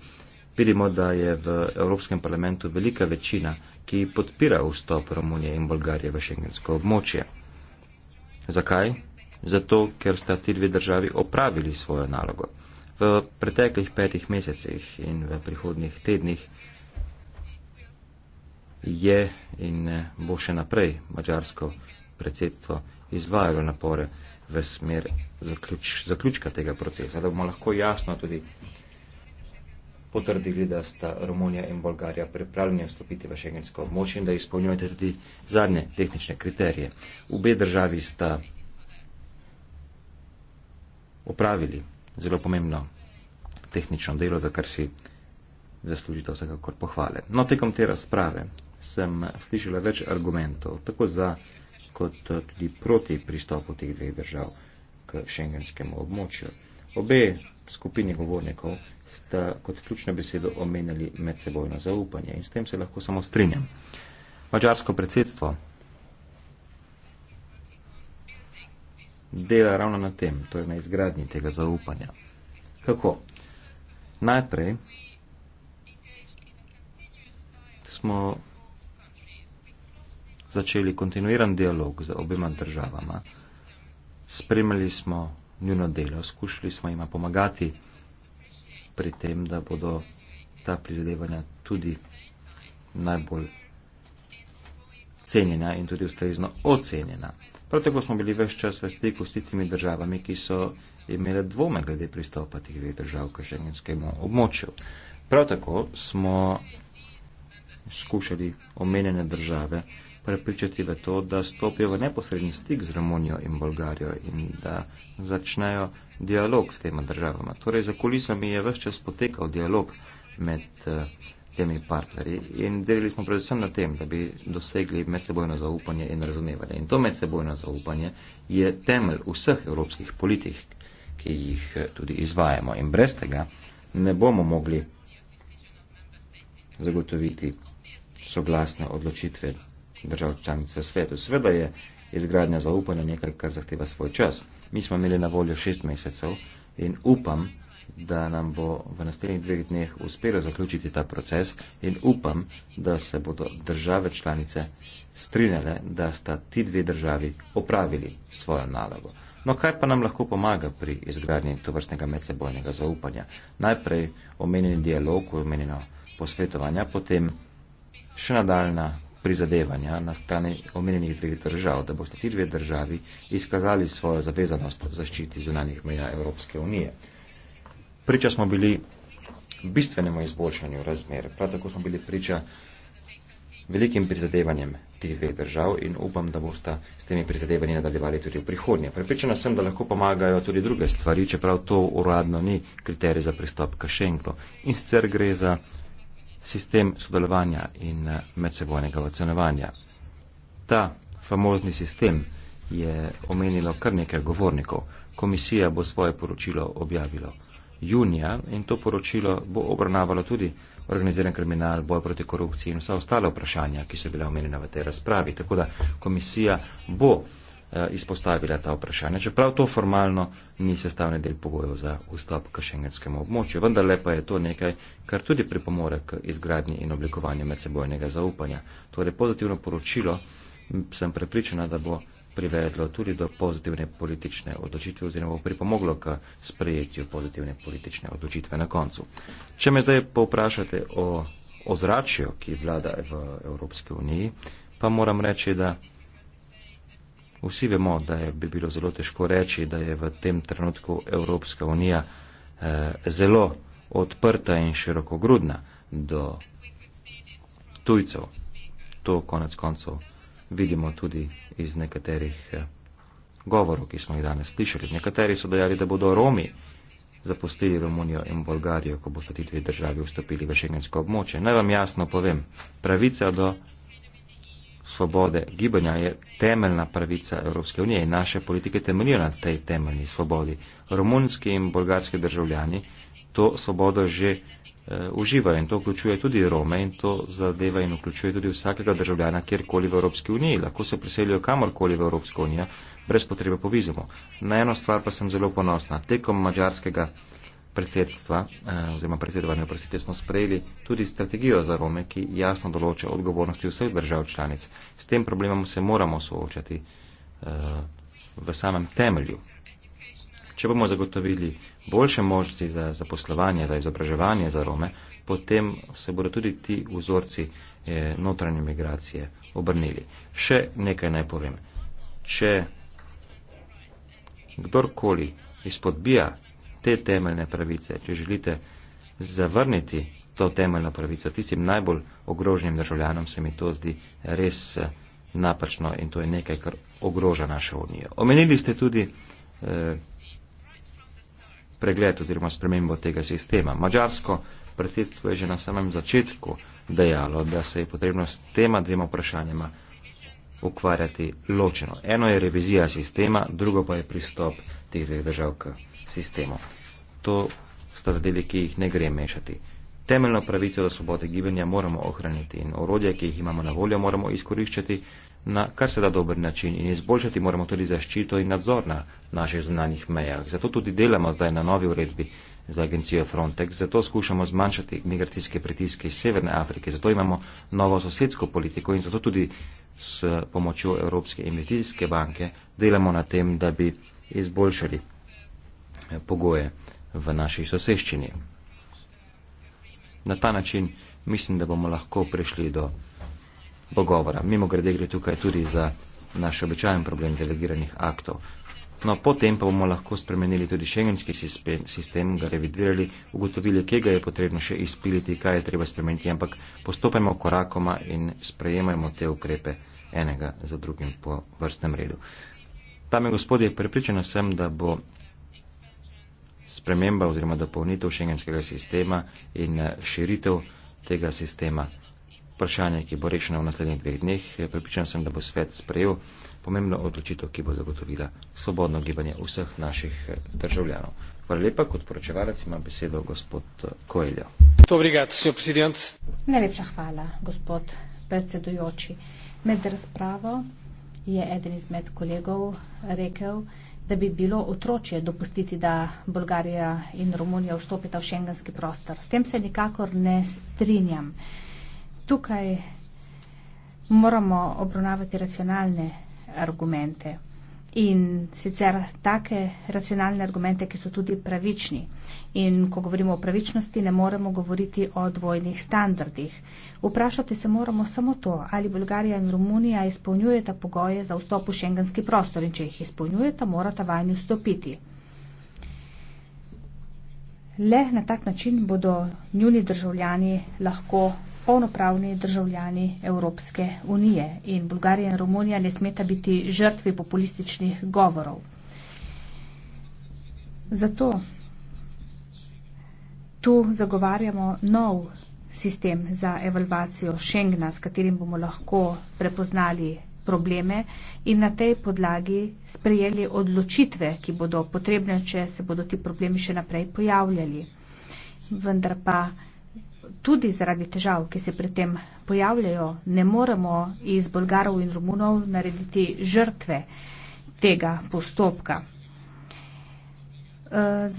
Vidimo, da je v Evropskem parlamentu velika večina, ki podpira vstop Romunije in Bolgarije v šengensko območje. Zakaj? Zato, ker sta ti dve državi opravili svojo nalogo. V preteklih petih mesecih in v prihodnih tednih je in bo še naprej mačarsko predsedstvo izvajalo napore v smer zaključ, zaključka tega procesa, da bomo lahko jasno tudi potrdili, da sta Romunija in Bolgarija pripravljeni vstopiti v šengensko območje in da izpolnjujete tudi zadnje tehnične kriterije. Obe državi sta opravili zelo pomembno tehnično delo, za kar si zaslužite vsekakor pohvale. No, tekom te razprave sem slišala več argumentov, tako za kot eh, tudi proti pristopu teh dveh držav k šengenskemu območju. Obe skupini govornikov sta kot ključno besedo omenjali medsebojno zaupanje in s tem se lahko samo strinjam. Mačarsko predsedstvo dela ravno na tem, torej na izgradnji tega zaupanja. Kako? Najprej smo začeli kontinuiran dialog z obima državama. Spremljali smo njuno delo, skušali smo jima pomagati pri tem, da bodo ta prizadevanja tudi najbolj cenjena in tudi ustrezno ocenjena. Prav tako smo bili več čas v stiku s tistimi državami, ki so imele dvome glede pristopa tih dveh držav k šengenskemu območju. Prav tako smo skušali omenjene države prepričati v to, da stopijo v neposredni stik z Romunijo in Bolgarijo in da začnejo dialog s tema državama. Torej, za kulisami je vse čas potekal dialog med uh, temi partnerji in delili smo predvsem na tem, da bi dosegli medsebojno zaupanje in razumevanje. In to medsebojno zaupanje je temelj vseh evropskih politik, ki jih eh, tudi izvajamo in brez tega ne bomo mogli zagotoviti soglasne odločitve držav članic v svetu. Sveda je izgradnja zaupanja nekaj, kar zahteva svoj čas. Mi smo imeli na voljo šest mesecev in upam, da nam bo v naslednjih dveh dneh uspelo zaključiti ta proces in upam, da se bodo države članice strinjale, da sta ti dve državi opravili svojo nalogo. No, kaj pa nam lahko pomaga pri izgradnji tovrstnega medsebojnega zaupanja? Najprej omenjeni dialog, omenjeno posvetovanja, potem še nadaljna prizadevanja na strani omenjenih dveh držav, da boste ti dve državi izkazali svojo zavezanost zaščiti zunanjih meja Evropske unije. Priča smo bili bistvenemu izboljšanju razmer, prav tako smo bili priča velikim prizadevanjem teh dveh držav in upam, da boste s temi prizadevanji nadaljevali tudi v prihodnje. Prepričana sem, da lahko pomagajo tudi druge stvari, čeprav to uradno ni kriterij za pristop k Schengenu. In sicer gre za sistem sodelovanja in eh, medsebojnega ocenovanja. Ta famozni sistem je omenilo kar nekaj govornikov. Komisija bo svoje poročilo objavilo junija in to poročilo bo obravnavalo tudi organiziran kriminal, boj proti korupciji in vsa ostala vprašanja, ki so bila omenjena v tej razpravi. Tako da komisija bo Eh, izpostavila ta vprašanja, čeprav to formalno ni sestavni del pogojev za vstop k šengenskemu območju. Vendar lepa je to nekaj, kar tudi pripomore k izgradnji in oblikovanju medsebojnega zaupanja. Torej pozitivno poročilo sem prepričana, da bo privedlo tudi do pozitivne politične odločitve oziroma bo pripomoglo k sprejetju pozitivne politične odločitve na koncu. Če me zdaj povprašate o ozračju, ki vlada v Evropski uniji, pa moram reči, da Vsi vemo, da je, bi bilo zelo težko reči, da je v tem trenutku Evropska unija eh, zelo odprta in širokogrudna do tujcev. To konec koncev vidimo tudi iz nekaterih eh, govorov, ki smo jih danes slišali. Nekateri so dejali, da bodo Romi zapustili Romunijo in Bolgarijo, ko bodo ti dve državi vstopili v šengensko območje. Naj vam jasno povem, pravica do svobode gibanja je temeljna pravica Evropske unije in naše politike temeljijo na tej temeljni svobodi. Romunski in bolgarski državljani to svobodo že e, uživajo in to vključuje tudi Rome in to zadeva in vključuje tudi vsakega državljana kjerkoli v Evropski uniji. Lahko se priselijo kamorkoli v Evropsko unijo brez potrebe po vizumu. Na eno stvar pa sem zelo ponosna. Tekom mađarskega predsedstva, eh, oziroma predsedovanja, oprostite, smo sprejeli tudi strategijo za Rome, ki jasno določa odgovornosti vseh držav članic. S tem problemom se moramo soočati eh, v samem temelju. Če bomo zagotovili boljše možnosti za zaposlovanje, za izobraževanje za Rome, potem se bodo tudi ti vzorci eh, notranje migracije obrnili. Še nekaj naj povem. Če kdorkoli izpodbija te temeljne pravice, če želite zavrniti to temeljno pravico tistim najbolj ogroženim državljanom, se mi to zdi res eh, napačno in to je nekaj, kar ogroža našo unijo. Omenili ste tudi eh, pregled oziroma spremembo tega sistema. Mađarsko predsedstvo je že na samem začetku dejalo, da se je potrebno s tema dvema vprašanjama ukvarjati ločeno. Eno je revizija sistema, drugo pa je pristop teh dveh držav k sistemu. To sta zadeve, ki jih ne gre mešati. Temeljno pravico do svobode gibanja moramo ohraniti in orodje, ki jih imamo na voljo, moramo izkoriščati na kar se da dober način in izboljšati moramo tudi zaščito in nadzor na naših zunanjih mejah. Zato tudi delamo zdaj na novi uredbi za agencijo Frontex, zato skušamo zmanjšati migracijske pritiske iz Severne Afrike, zato imamo novo sosedsko politiko in zato tudi s pomočjo Evropske investicijske banke delamo na tem, da bi izboljšali pogoje v naši soseščini. Na ta način mislim, da bomo lahko prišli do pogovora. Mimo grede gre tukaj tudi za naš običajen problem delegiranih aktov. No, potem pa bomo lahko spremenili tudi šengenski sistem, sistem, ga revidirali, ugotovili, kega je potrebno še izpiliti, kaj je treba spremeniti, ampak postopajmo korakoma in sprejemajmo te ukrepe enega za drugim po vrstnem redu. Tam je gospodje, prepričana sem, da bo sprememba oziroma dopolnitev šengenskega sistema in eh, širitev tega sistema. Vprašanje, ki bo rešeno v naslednjih dveh dneh, pripričan sem, da bo svet sprejel pomembno odločitev, ki bo zagotovila svobodno gibanje vseh naših eh, državljanov. Hvala lepa, kot poročevalec ima besedo gospod eh, Koeljo. Najlepša hvala, gospod predsedujoči. Med razpravo je eden izmed kolegov rekel, da bi bilo otročje dopustiti, da Bolgarija in Romunija vstopita v šengenski prostor. S tem se nikakor ne strinjam. Tukaj moramo obravnavati racionalne argumente in sicer take racionalne argumente, ki so tudi pravični. In ko govorimo o pravičnosti, ne moremo govoriti o dvojnih standardih. Vprašati se moramo samo to, ali Bolgarija in Romunija izpolnjujeta pogoje za vstop v šengenski prostor in če jih izpolnjujeta, morata vanju stopiti. Le na tak način bodo njuni državljani lahko polnopravni državljani Evropske unije in Bulgarija in Romunija ne smeta biti žrtvi populističnih govorov. Zato tu zagovarjamo nov sistem za evalvacijo Schengna, s katerim bomo lahko prepoznali probleme in na tej podlagi sprejeli odločitve, ki bodo potrebne, če se bodo ti problemi še naprej pojavljali. Vendar pa tudi zaradi težav, ki se pri tem pojavljajo, ne moremo iz Bolgarov in Romunov narediti žrtve tega postopka. E,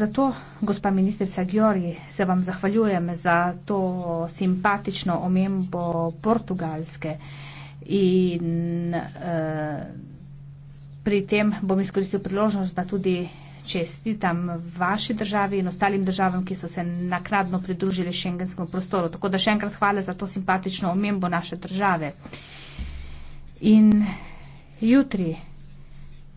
zato, gospa ministrica Gjori, se vam zahvaljujem za to simpatično omembo portugalske in eh, pri tem bom izkoristil priložnost, da tudi čestitam vaši državi in ostalim državam, ki so se nakladno pridružili šengenskemu prostoru. Tako da še enkrat hvala za to simpatično omembo naše države. In jutri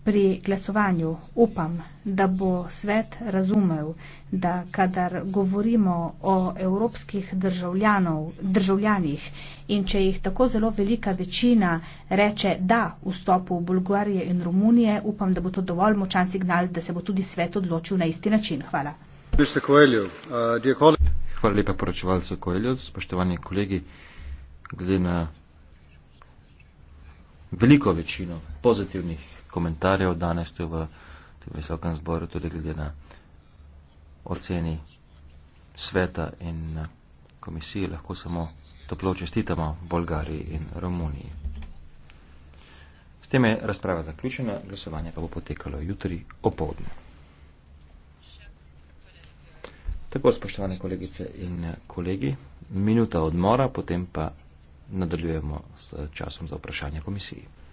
pri glasovanju upam, da bo svet razumel, da kadar govorimo o evropskih državljanih in če jih tako zelo velika večina reče da vstopu v Bulgarije in Romunije, upam, da bo to dovolj močan signal, da se bo tudi svet odločil na isti način. Hvala. Uh, Hvala lepa poročevalcu Koeljo, spoštovani kolegi, glede na veliko večino pozitivnih komentarjev danes tu v tem visokem zboru, tudi glede na oceni sveta in komisije, lahko samo toplo čestitamo Bolgariji in Romuniji. S tem je razprava zaključena, glasovanje pa bo potekalo jutri opoldne. Tako, spoštovane kolegice in kolegi, minuta odmora, potem pa nadaljujemo s časom za vprašanje komisiji.